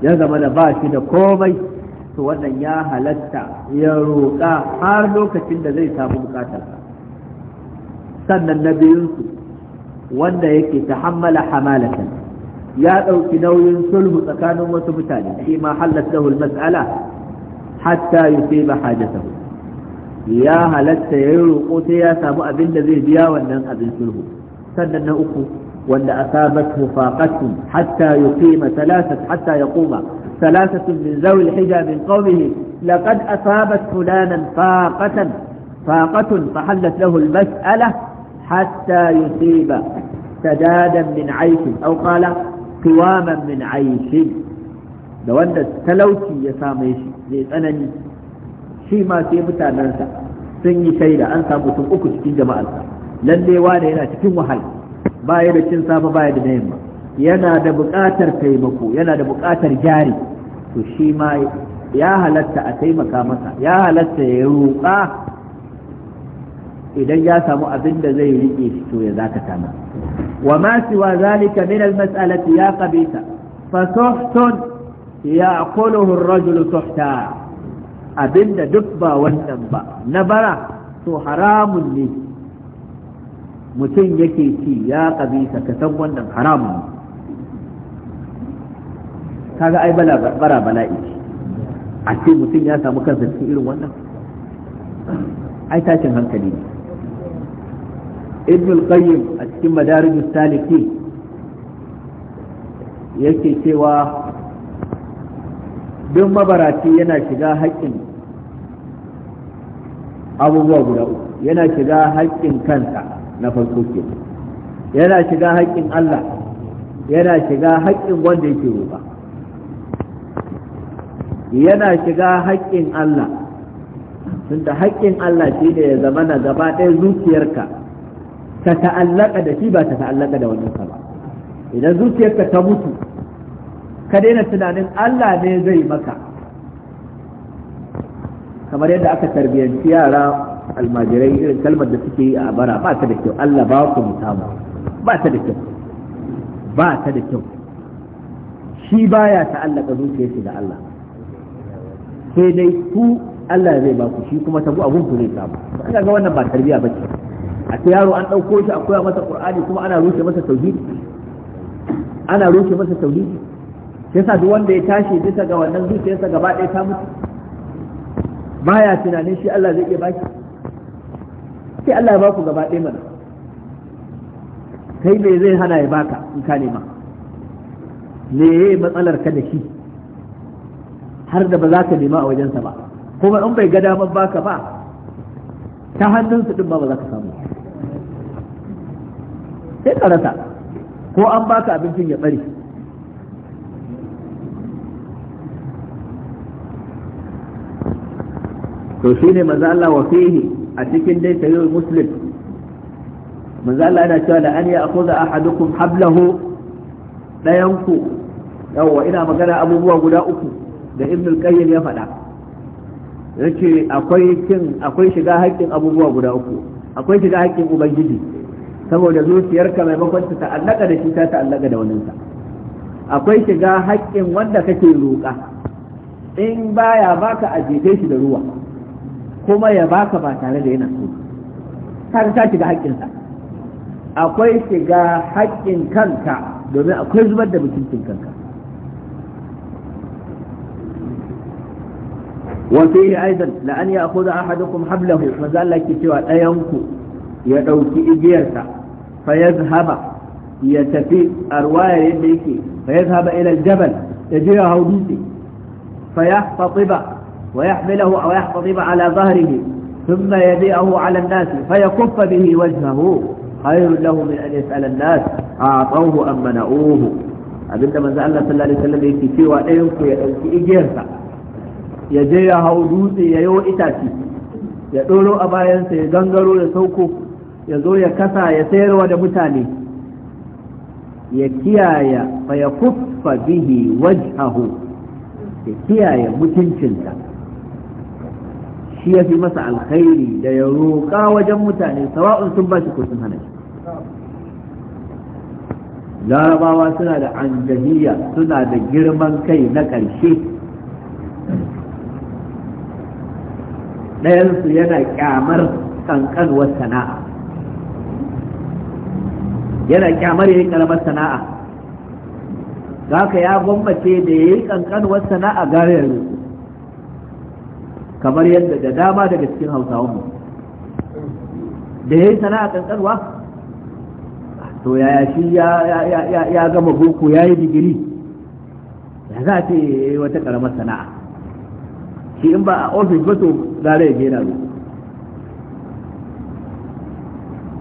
ya zama da ba shi da komai to wannan ya halatta ya roƙa har lokacin da zai samu bukatar sannan na biyunsu wanda yake ta hammala hamalatan ya ɗauki nauyin sulhu tsakanin wasu mutane shi ma halatta mas'ala hatta yusiba hajatahu ya halatta ya yi roƙo sai ya samu abin da zai biya wannan abin sulhu sannan na uku wanda asabatu faqatu hatta yuqima thalathat hatta yaquma thalathatun min zawi al-hija min qawmihi laqad asabat fulanan faqatan faqatun fahallat lahu al hatta yusiba سدادا من عيش أو قال قواما min عيش da wanda talauci ya same shi zai tsanani shi ma sai mutanensa sun yi shaida an samu mutum uku cikin jama'arsa lalle wane yana cikin wahala baya da cin safa baya da yamma yana da buƙatar taimako yana da buƙatar jari to shi ma ya halatta a taimaka masa ya halatta ya roƙa idan ya samu abin da zai riƙe shi to ya ta ma wa ma siwa zalika min al-mas'alati ya qabita fa ya aquluhu ar-rajulu suhta abinda duk ba wannan ba na bara to haramun ne mutum yake ci ya kabisa ka san wannan haramun ka kaga ai bala bara bala'i a ce mutum ya samu kansa cikin irin wannan ai tashin hankali ne ibnul qayyim a cikin madarijus saliki yake cewa duk mabaraci yana shiga haƙƙin abubuwa guda uku yana shiga haƙƙin kansa na farko ke yana shiga haƙƙin Allah yana shiga haƙƙin wanda yake roƙa yana shiga haƙƙin Allah tunda haƙƙin Allah shi ne ya zama na gaba ɗaya zuciyarka ta ta'allaka da shi ba ta ta'allaka da wannan ba idan zuciyarka ta mutu ka daina tunanin Allah ne zai maka kamar yadda aka tarbiyyanci yara almajirai irin kalmar da suke yi a bara ba ta da kyau Allah ba ku mu samu ba ta da kyau ba ta da kyau shi baya ta'allaka zuciyar shi da Allah sai dai ku Allah zai ba ku shi kuma tabu abun ku zai samu ina ga wannan ba tarbiyya bace a ta yaro an dauko shi a koya masa Qur'ani kuma ana rushe masa tauhidi ana rushe masa tauhidi sai sa duk wanda ya tashi bisa ga wannan zuciyarsa gaba ɗaya ta mutu baya tunanin shi Allah zai iya baki sai Allah ya baku gaba ɗaya mana kai me zai hana ya baka in ka nema me yayi matsalar ka da shi har da ba za ka nema a wajensa ba kuma in bai ga damar baka ba ta hannunsu ɗin ba ba za ka samu sai karata ko an baka abincin ya bari to shine maza Allah wa fihi a cikin dai sayyid muslim manzo Allah yana cewa da an ya akhudha ahadukum hablahu dayanku yawa ina magana abubuwa guda uku da ibn al-qayyim ya faɗa yace akwai kin akwai shiga haƙƙin abubuwa guda uku akwai shiga haƙƙin ubangiji saboda zuciyarka maimakon ta ta'allaka da shi ta ta'allaka da wannan sa. akwai shiga haƙƙin wanda kake roƙa in baya baka ajiye shi da ruwa kuma ya baka ba tare da yana so kaga ta shiga haƙƙinsa akwai shiga haƙƙin kanka domin akwai zubar da mutuncin kanka wato yi aizan la'an ya akwai da ahadukum hablahu maza Allah ke cewa ɗayanku ya ɗauki igiyarsa fa ya ya tafi arwayar yadda yake fa ya zahaba jabal ya je ya hau dutse fa ya fatiba ويحمله أو يحتضب على ظهره ثم يبيعه على الناس فيكف به وجهه خير له من أن يسأل الناس أعطوه أم منعوه abinda manzo Allah sallallahu alaihi wasallam yake cewa ɗayan ku ya ɗauki igiyarsa ya je ya hau dutse ya yi itace ya ɗoro a bayansa ya gangaro ya sauko ya zo ya kasa ya sayarwa da mutane ya ya kiyaye mutuncinsa shi ya fi masa alkhairi da ya roƙa wajen mutane sawa'un sun bashi ko sun hana shi larabawa suna da anjahiyya suna da girman kai na ƙarshe ɗayansu yana ƙyamar ƙanƙanwar sana'a yana ƙyamar yayin ƙaramar sana'a za ka ya gwammace da yayi ƙanƙanwar sana'a gare yanzu kamar yadda da dama daga cikin hausawa mu da yi sana'a kankanwa to yaya shi ya gama boko ya yi digiri ya za ta yi wata karamar sana'a shi in ba a ofis ba to gara ya gera ba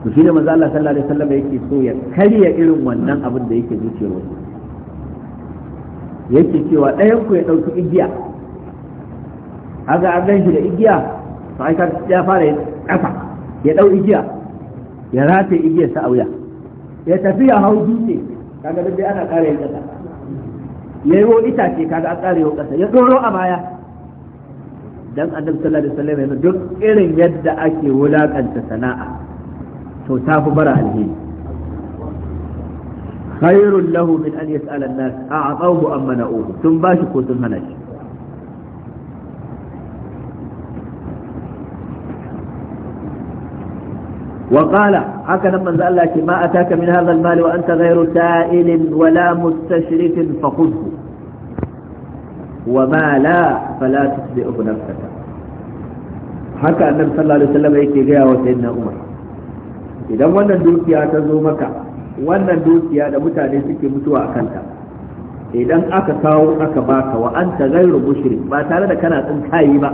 to shi da maza Allah sallallahu alaihi wasallam yake so ya karya irin wannan abin da yake zuciyar wasu yake cewa ɗayan ku ya ɗauki igiya haka an gan shi da igiya to ai ya fara ya kafa ya dau igiya ya rata igiyar sa a wuya ya tafi ya hau dutse kaga duk ana ƙara yin ƙasa ya yi wo itace kaga an ƙara yin ƙasa ya tsoro a baya dan annabi sallallahu alaihi wasallam yana duk irin yadda ake wulakanta sana'a to ta fi bara alheri khairul lahu min an yas'ala an-nas a'tahu am mana'uhu tun bashi ko tun hana shi وقال هكذا من ذا الله ما أتاك من هذا المال وأنت غير سائل ولا مستشرف فخذه وما لا فلا تخبئه نفسك haka annabi sallallahu alaihi wasallam yake gaya wa sayyidina Umar idan wannan dukiya ta zo maka wannan dukiya da mutane suke mutuwa a kanta idan aka kawo aka baka wa anta ghairu mushrik ba tare da kana tsinkayi ba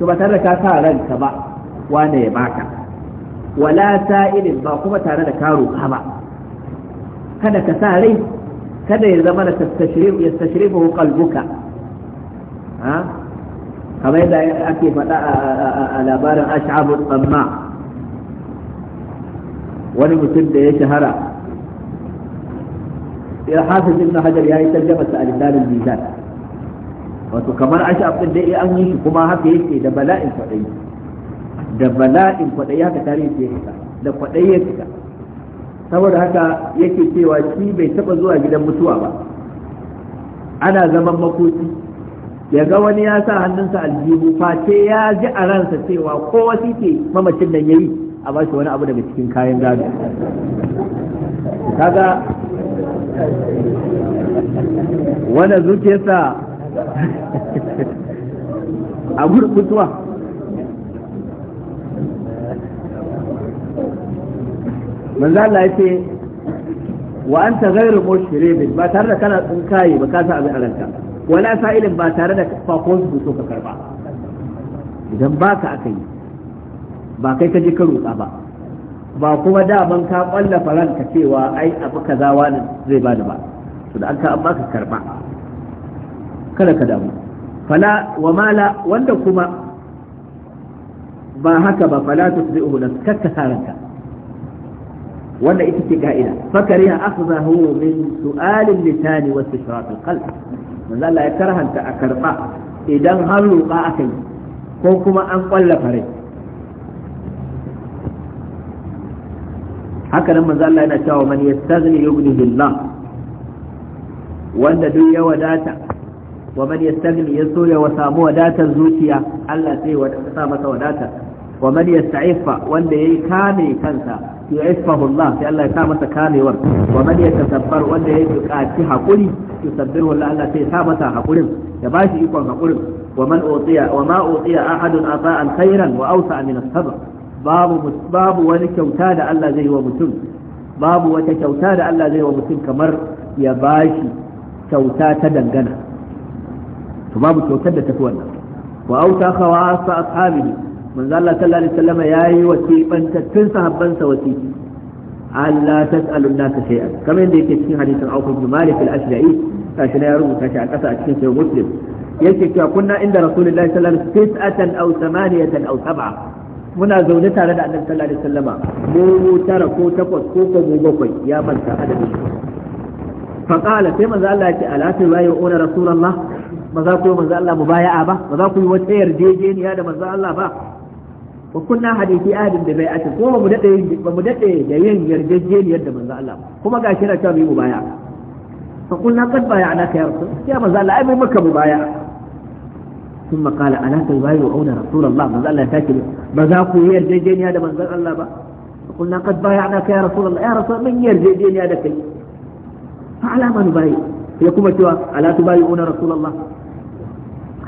to ba tare da ka sa ranka ba wane ya baka wala sa'ilin ba kuma tare da karo ka ba kada ka sa rai kada ya zama da tashrifu qalbuka ha kamar yadda ake faɗa a labarin ash'abu amma wani mutum da ya shahara ya hafiz ibn hajar ya yi tarjama sa al-dalil mizan wato kamar ash'ab din da an yi shi kuma haka yake da bala'in faɗai. da bala'in kwaɗayi haka tarihi ke fita da kwaɗayi ya fita saboda haka yake cewa shi bai taɓa zuwa gidan mutuwa ba ana zaman makoki ya ga wani ya sa hannunsa aljihu face ya ji a ransa cewa ko wasi ke mamacin nan yayi a ba shi wani abu daga cikin kayan gado kaga wanda zuciyarsa a gurkutuwa manzo Allah yace wa anta ghairu mushrib ba tare da kana tsinkaye ba ka sa abin aranka wala sa'ilin ba tare da fakon su so ka karba idan baka aka yi ba kai ka je ka roƙa ba ba kuma daman ka kwalla faranka cewa ai abu kaza wani zai bani ba to da an ka an ka karba kada ka damu fala wa mala wanda kuma ba haka ba fala tusbihu nafsaka ranka wanda ita ce ka'ida fakariya akhzahu min su'alin lisani wa istishraq al-qalb manzo Allah ya karhanta a karba idan har roƙa aka yi ko kuma an kwalla fare haka nan manzo Allah yana cewa man yastaghni yughni billah wanda duk ya wadata wa man yastaghni yaso ya samu wadatar zuciya Allah sai ya sa masa wadatar wa man yasta'ifa wanda yayi kame kansa yu'iffahu Allah sai Allah ya sa masa kamewar wa man yatasabbar wanda yayi buƙaci hakuri yusabbiru Allah Allah sai ya sa masa hakurin ya bashi ikon hakurin wa man utiya wa ma utiya ahadun ata'an khairan wa awsa'a babu wani kyauta da Allah zai wa wa mutum kamar ya bashi kyauta ta dangana to babu kyautar da wannan manzo Allah sallallahu alaihi wasallam yayi wasibantattun sahabbansa wasiki Allah tas'alun nasa shay'an kamar yadda yake cikin hadisin Auf bin Malik al-Ashja'i kashi ya rubuta shi a ƙasa a cikin sahih Muslim yake cewa kunna inda Rasulullahi sallallahu alaihi wasallam tis'atan aw thamaniyatan aw sab'a muna zaune tare da Annabi sallallahu alaihi wasallama mu tara ko takwas ko ko mu bakwai ya manta adadin fa qala sai manzo Allah ya ce ala tubayyuna Rasulullah ba za ku yi manzo Allah mubaya'a ba ba za ku yi wata yarjejeniya da manzo Allah ba wa kunna hadithi ahadin da bai ati kuma mu dade ba mu dade da yin yarjejeniyar da manzo Allah kuma gashi na cewa mu mu baya fa kunna qad bay'ana ka ya rasul ya manzo Allah ai mai maka mu baya ثم قال الا تبايعون رسول الله manzo Allah ya sake ba za ku yi yarjejeniya da Allah ba قلنا قد بايعناك يا رسول الله يا رسول من يرجدين يا دكي فعلى ما نبايع يقوم توا ألا تبايعون رسول الله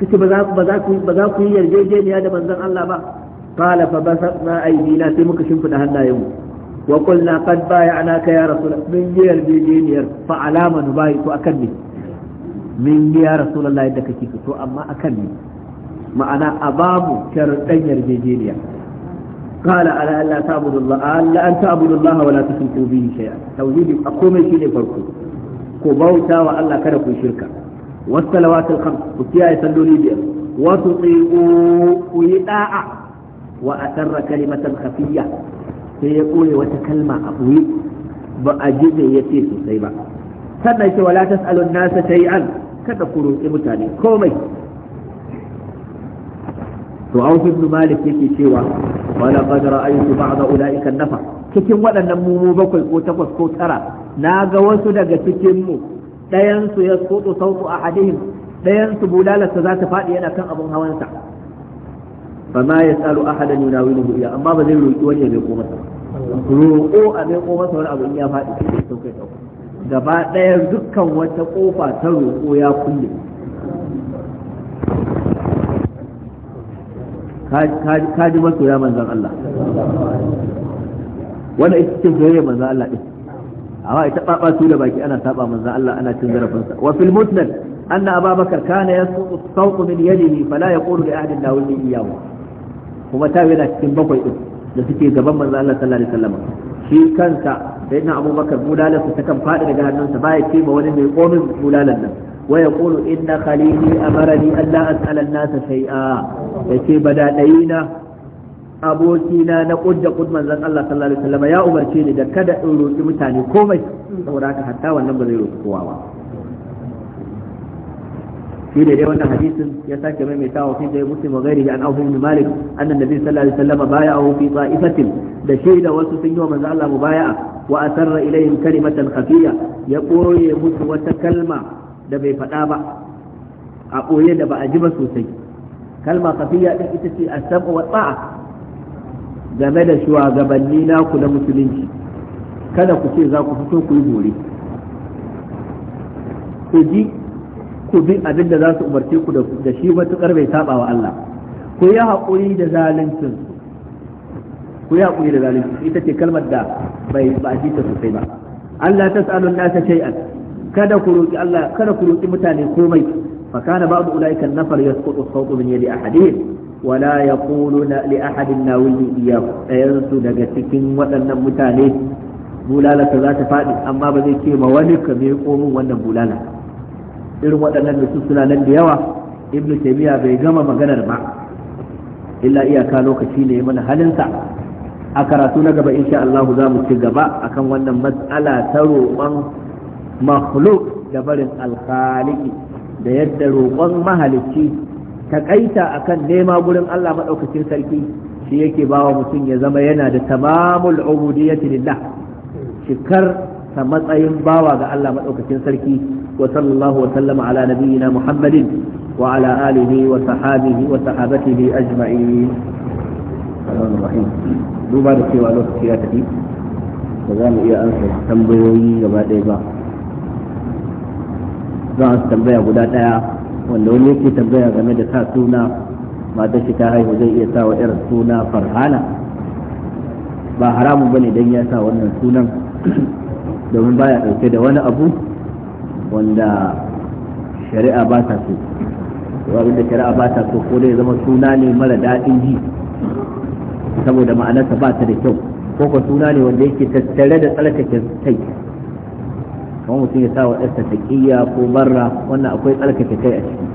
كنت بذاك بذاك بذاك يرجدين يا دمن الله با qala fa basatna aydina sai muka shimfida hannayenmu wa qulna qad bay'anaka ya rasul min yi yarjejeniyar fa alama nubayi to akan ne min yi ya rasulullah yadda kake to amma akan ne ma'ana a babu sharuɗan yarjejeniya قال على ألا تعبد الله ألا أن تعبد الله ولا تشركوا به شيئا توحيد أقوم شيء فرقوا كبوتا وألا كركوا شركا والصلوات الخمس وكيا يصلوا لي بها وتطيعوا ويطاع wa asarra kalimatan khafiyya sai ya kore wata kalma a buyi ba a ji me yace sosai ba sannan ce wala tasalun nasa shay'an kada ku roƙi mutane komai to Auf ibn Malik yake cewa wala qad ra'aytu ba'da ulaika an-nafa cikin waɗannan mu bakwai ko takwas ko tara na ga wasu daga cikin mu ɗayan su ya sautu sautu a hadihim ɗayansu su bulalarsa za ta faɗi yana kan abin hawansa fa ma yasalu ahadan yunawiluhu iya amma ba zai roki wani ya mai ko masa roƙo a mai ko masa wani abu in ya faɗi sai gaba ɗaya dukkan wata ƙofa ta roƙo ya kulle ka ji masoya manzan Allah wanda ita ce soyayya manzan Allah ɗin amma ita ɓaɓa su baki ana saba manzan Allah ana cin zarafinsa wa fil mutnan min ahadin lawli iyyahu kuma ta yana cikin bakwai din da suke gaban manzo Allah sallallahu alaihi wasallam shi kansa sai na abubakar bulalar su takan faɗi daga hannunsa ba ya ce ba wani mai komin bulalan nan wa ya kulu inna khalili amarani Allah as'ala nasa shay'a ya ce badadaina abokina na kudda kud zan Allah sallallahu alaihi wasallam ya umarce ni da kada in roki mutane komai saboda haka hatta wannan ba zai roki kowa ba shi ne dai wannan hadisin ya sake maimaita wa fi da muslim wa ghairihi an awfu bin malik anna nabi sallallahu alaihi wasallam baya'ahu fi ta'ifatin da shaida wasu sun yi wa manzo Allah mubaya'a wa asarra ilayhim kalimatan khafiyya ya koye musu wata kalma da bai faɗa ba a koye da ba a ji ba sosai kalma khafiyya ɗin ita ce as-sam'u wa game da shugabanni naku na musulunci kada ku ce za ku fito ku yi gore ku ji ku bi abin da za su umarce ku da shi matuƙar bai saba wa Allah ku yi haƙuri da zaluncin ku yi haƙuri da ita ce kalmar da bai ba a ta sosai ba Allah ta sa'alun nasa shay'an kada ku roki Allah kada ku roki mutane komai fa kana babu ulaika nafar yasqutu sawtu min yadi ahadihim wala yaquluna li ahadin nawili iyyahu ayansu daga cikin waɗannan mutane bulala ta za ta faɗi amma ba zai ce ma wani ka me ko wannan bulala irin waɗannan nusus suna nan da yawa ibnu taymiya bai gama maganar ba illa iyaka lokaci ne mana halinsa a karatu na gaba insha Allah za mu ci gaba akan wannan matsala ta roƙon makhluk da barin alkhaliki da yadda roƙon mahalicci ta kaita akan nema gurin Allah maɗaukacin sarki shi yake bawa mutum ya zama yana da tamamul ubudiyyati lillah shikar ta matsayin bawa ga Allah maɗaukacin sarki وصلى الله وسلم على نبينا محمد وعلى آله وصحابه وصحابته أجمعين الرحمن الرحيم دوبا da cewa ba za mu iya ansa tambayoyi gaba ba za a tambaya guda ɗaya wanda wani yake tambaya game da sa suna shi ta haihu zai iya sa wa suna farhana ba haramun bane dan ya sa wannan sunan domin baya ɗauke da wani abu wanda shari'a ba ta so da shari'a ba ta so ko dai zama suna ne mara daɗin ji saboda ma'anarsa ba ta da kyau ko ko suna ne wanda yake tattare da tsarkake kai kuma mutum ya sa wa ɗarsa taƙiyya ko barra wannan akwai tsarkake kai a ciki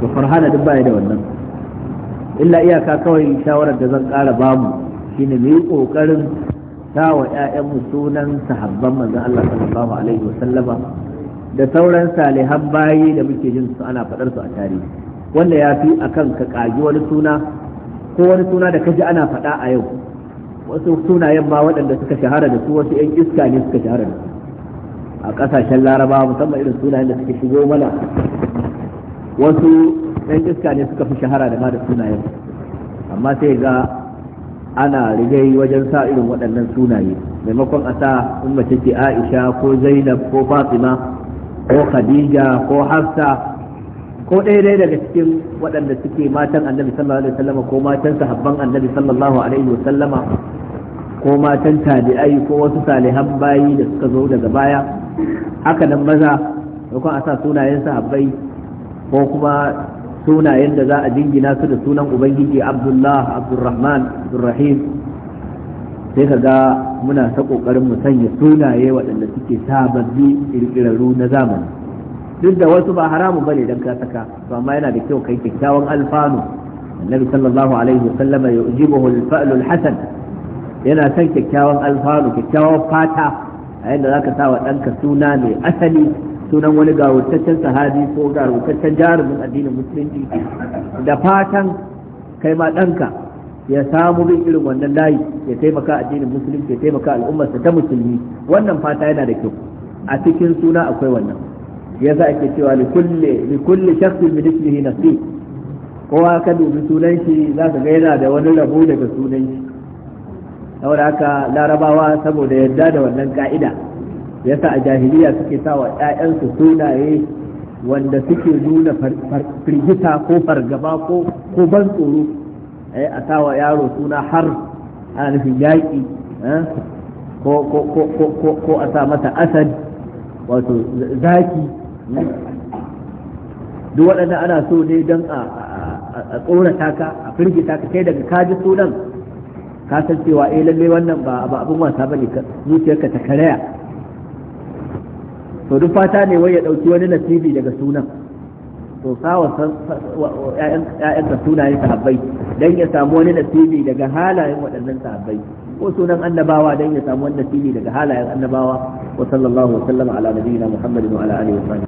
to farhana duk baya da wannan illa iyaka kawai shawarar da zan ƙara bamu shine mu yi ƙoƙarin sawa ƴaƴanmu sunan sahabban manzon Allah sallallahu alaihi wa sallama da sauran salihan bayi da muke jin su ana faɗar su a tarihi wanda ya fi akan ka kaji wani suna ko wani suna da kaji ana faɗa a yau wasu sunayen ma waɗanda suka shahara da su wasu 'yan iska ne suka shahara da su a ƙasashen laraba musamman irin sunayen da suke shigo mana wasu 'yan iska ne suka fi shahara da ma da sunayen amma sai ga ana rigai wajen sa irin waɗannan sunaye maimakon a sa in mace ce aisha ko zainab ko fatima ko khadija ko hafsa ko ɗaya daga cikin waɗanda suke matan annabi sallallahu alaihi wasallama ko matan sahabban annabi sallallahu alaihi wasallama ko matan tabi'ai ko wasu salihan bayi da suka zo daga baya haka nan maza maimakon a sa sunayen sahabbai ko kuma sunayen da za a jingina su da sunan ubangiji abdullah abdurrahman abdurrahim sai ka ga muna ta kokarin mu sanya sunaye waɗanda suke sababbi kirkirarru na zamani duk da wasu ba haramu bane dan ka saka to amma yana da kyau kai kyakkyawan alfanu annabi sallallahu alaihi wasallama yujibuhu al al-hasan yana son kyakkyawan alfanu kyakkyawan fata a yadda zaka sa wa ɗanka suna mai asali sunan wani gawurtaccen sahabi ko gawurtaccen jarumin addinin musulunci da fatan kai ma ɗanka ya samu bin irin wannan layi ya taimaka addinin musulunci ya taimaka al'ummarsa ta musulmi wannan fata yana da kyau a cikin suna akwai wannan ya za ake cewa li kulli shakhsin bi ismihi nasib kowa ka dubi sunan shi za ka ga yana da wani rabo daga sunan shi saboda haka larabawa saboda yadda da wannan ka'ida yasa a jahiliya suke sawa ƴaƴansu sunaye wanda suke nuna firgita ko fargaba ko ko ban tsoro eh a sawa yaro suna har ana nufin yaƙi eh, ko ko ko ko ko a sa mata asad wato zaki eh. duk waɗannan ana so ne don a tsorata ka a firgita ka kai daga kaji sunan ka san cewa eh lallai wannan ba abin wasa bane zuciyarka ta karaya to duk fata ne wai ya ɗauki wani nasibi daga sunan to sawa ‘ya'yanka sunayen sahabbai don ya samu wani nasibi daga halayen waɗannan sahabbai ko sunan annabawa don ya samu wani nasibi daga halayen annabawa wa sallallahu wa sallama ala nabiyina muhammadin wa ala alihi wa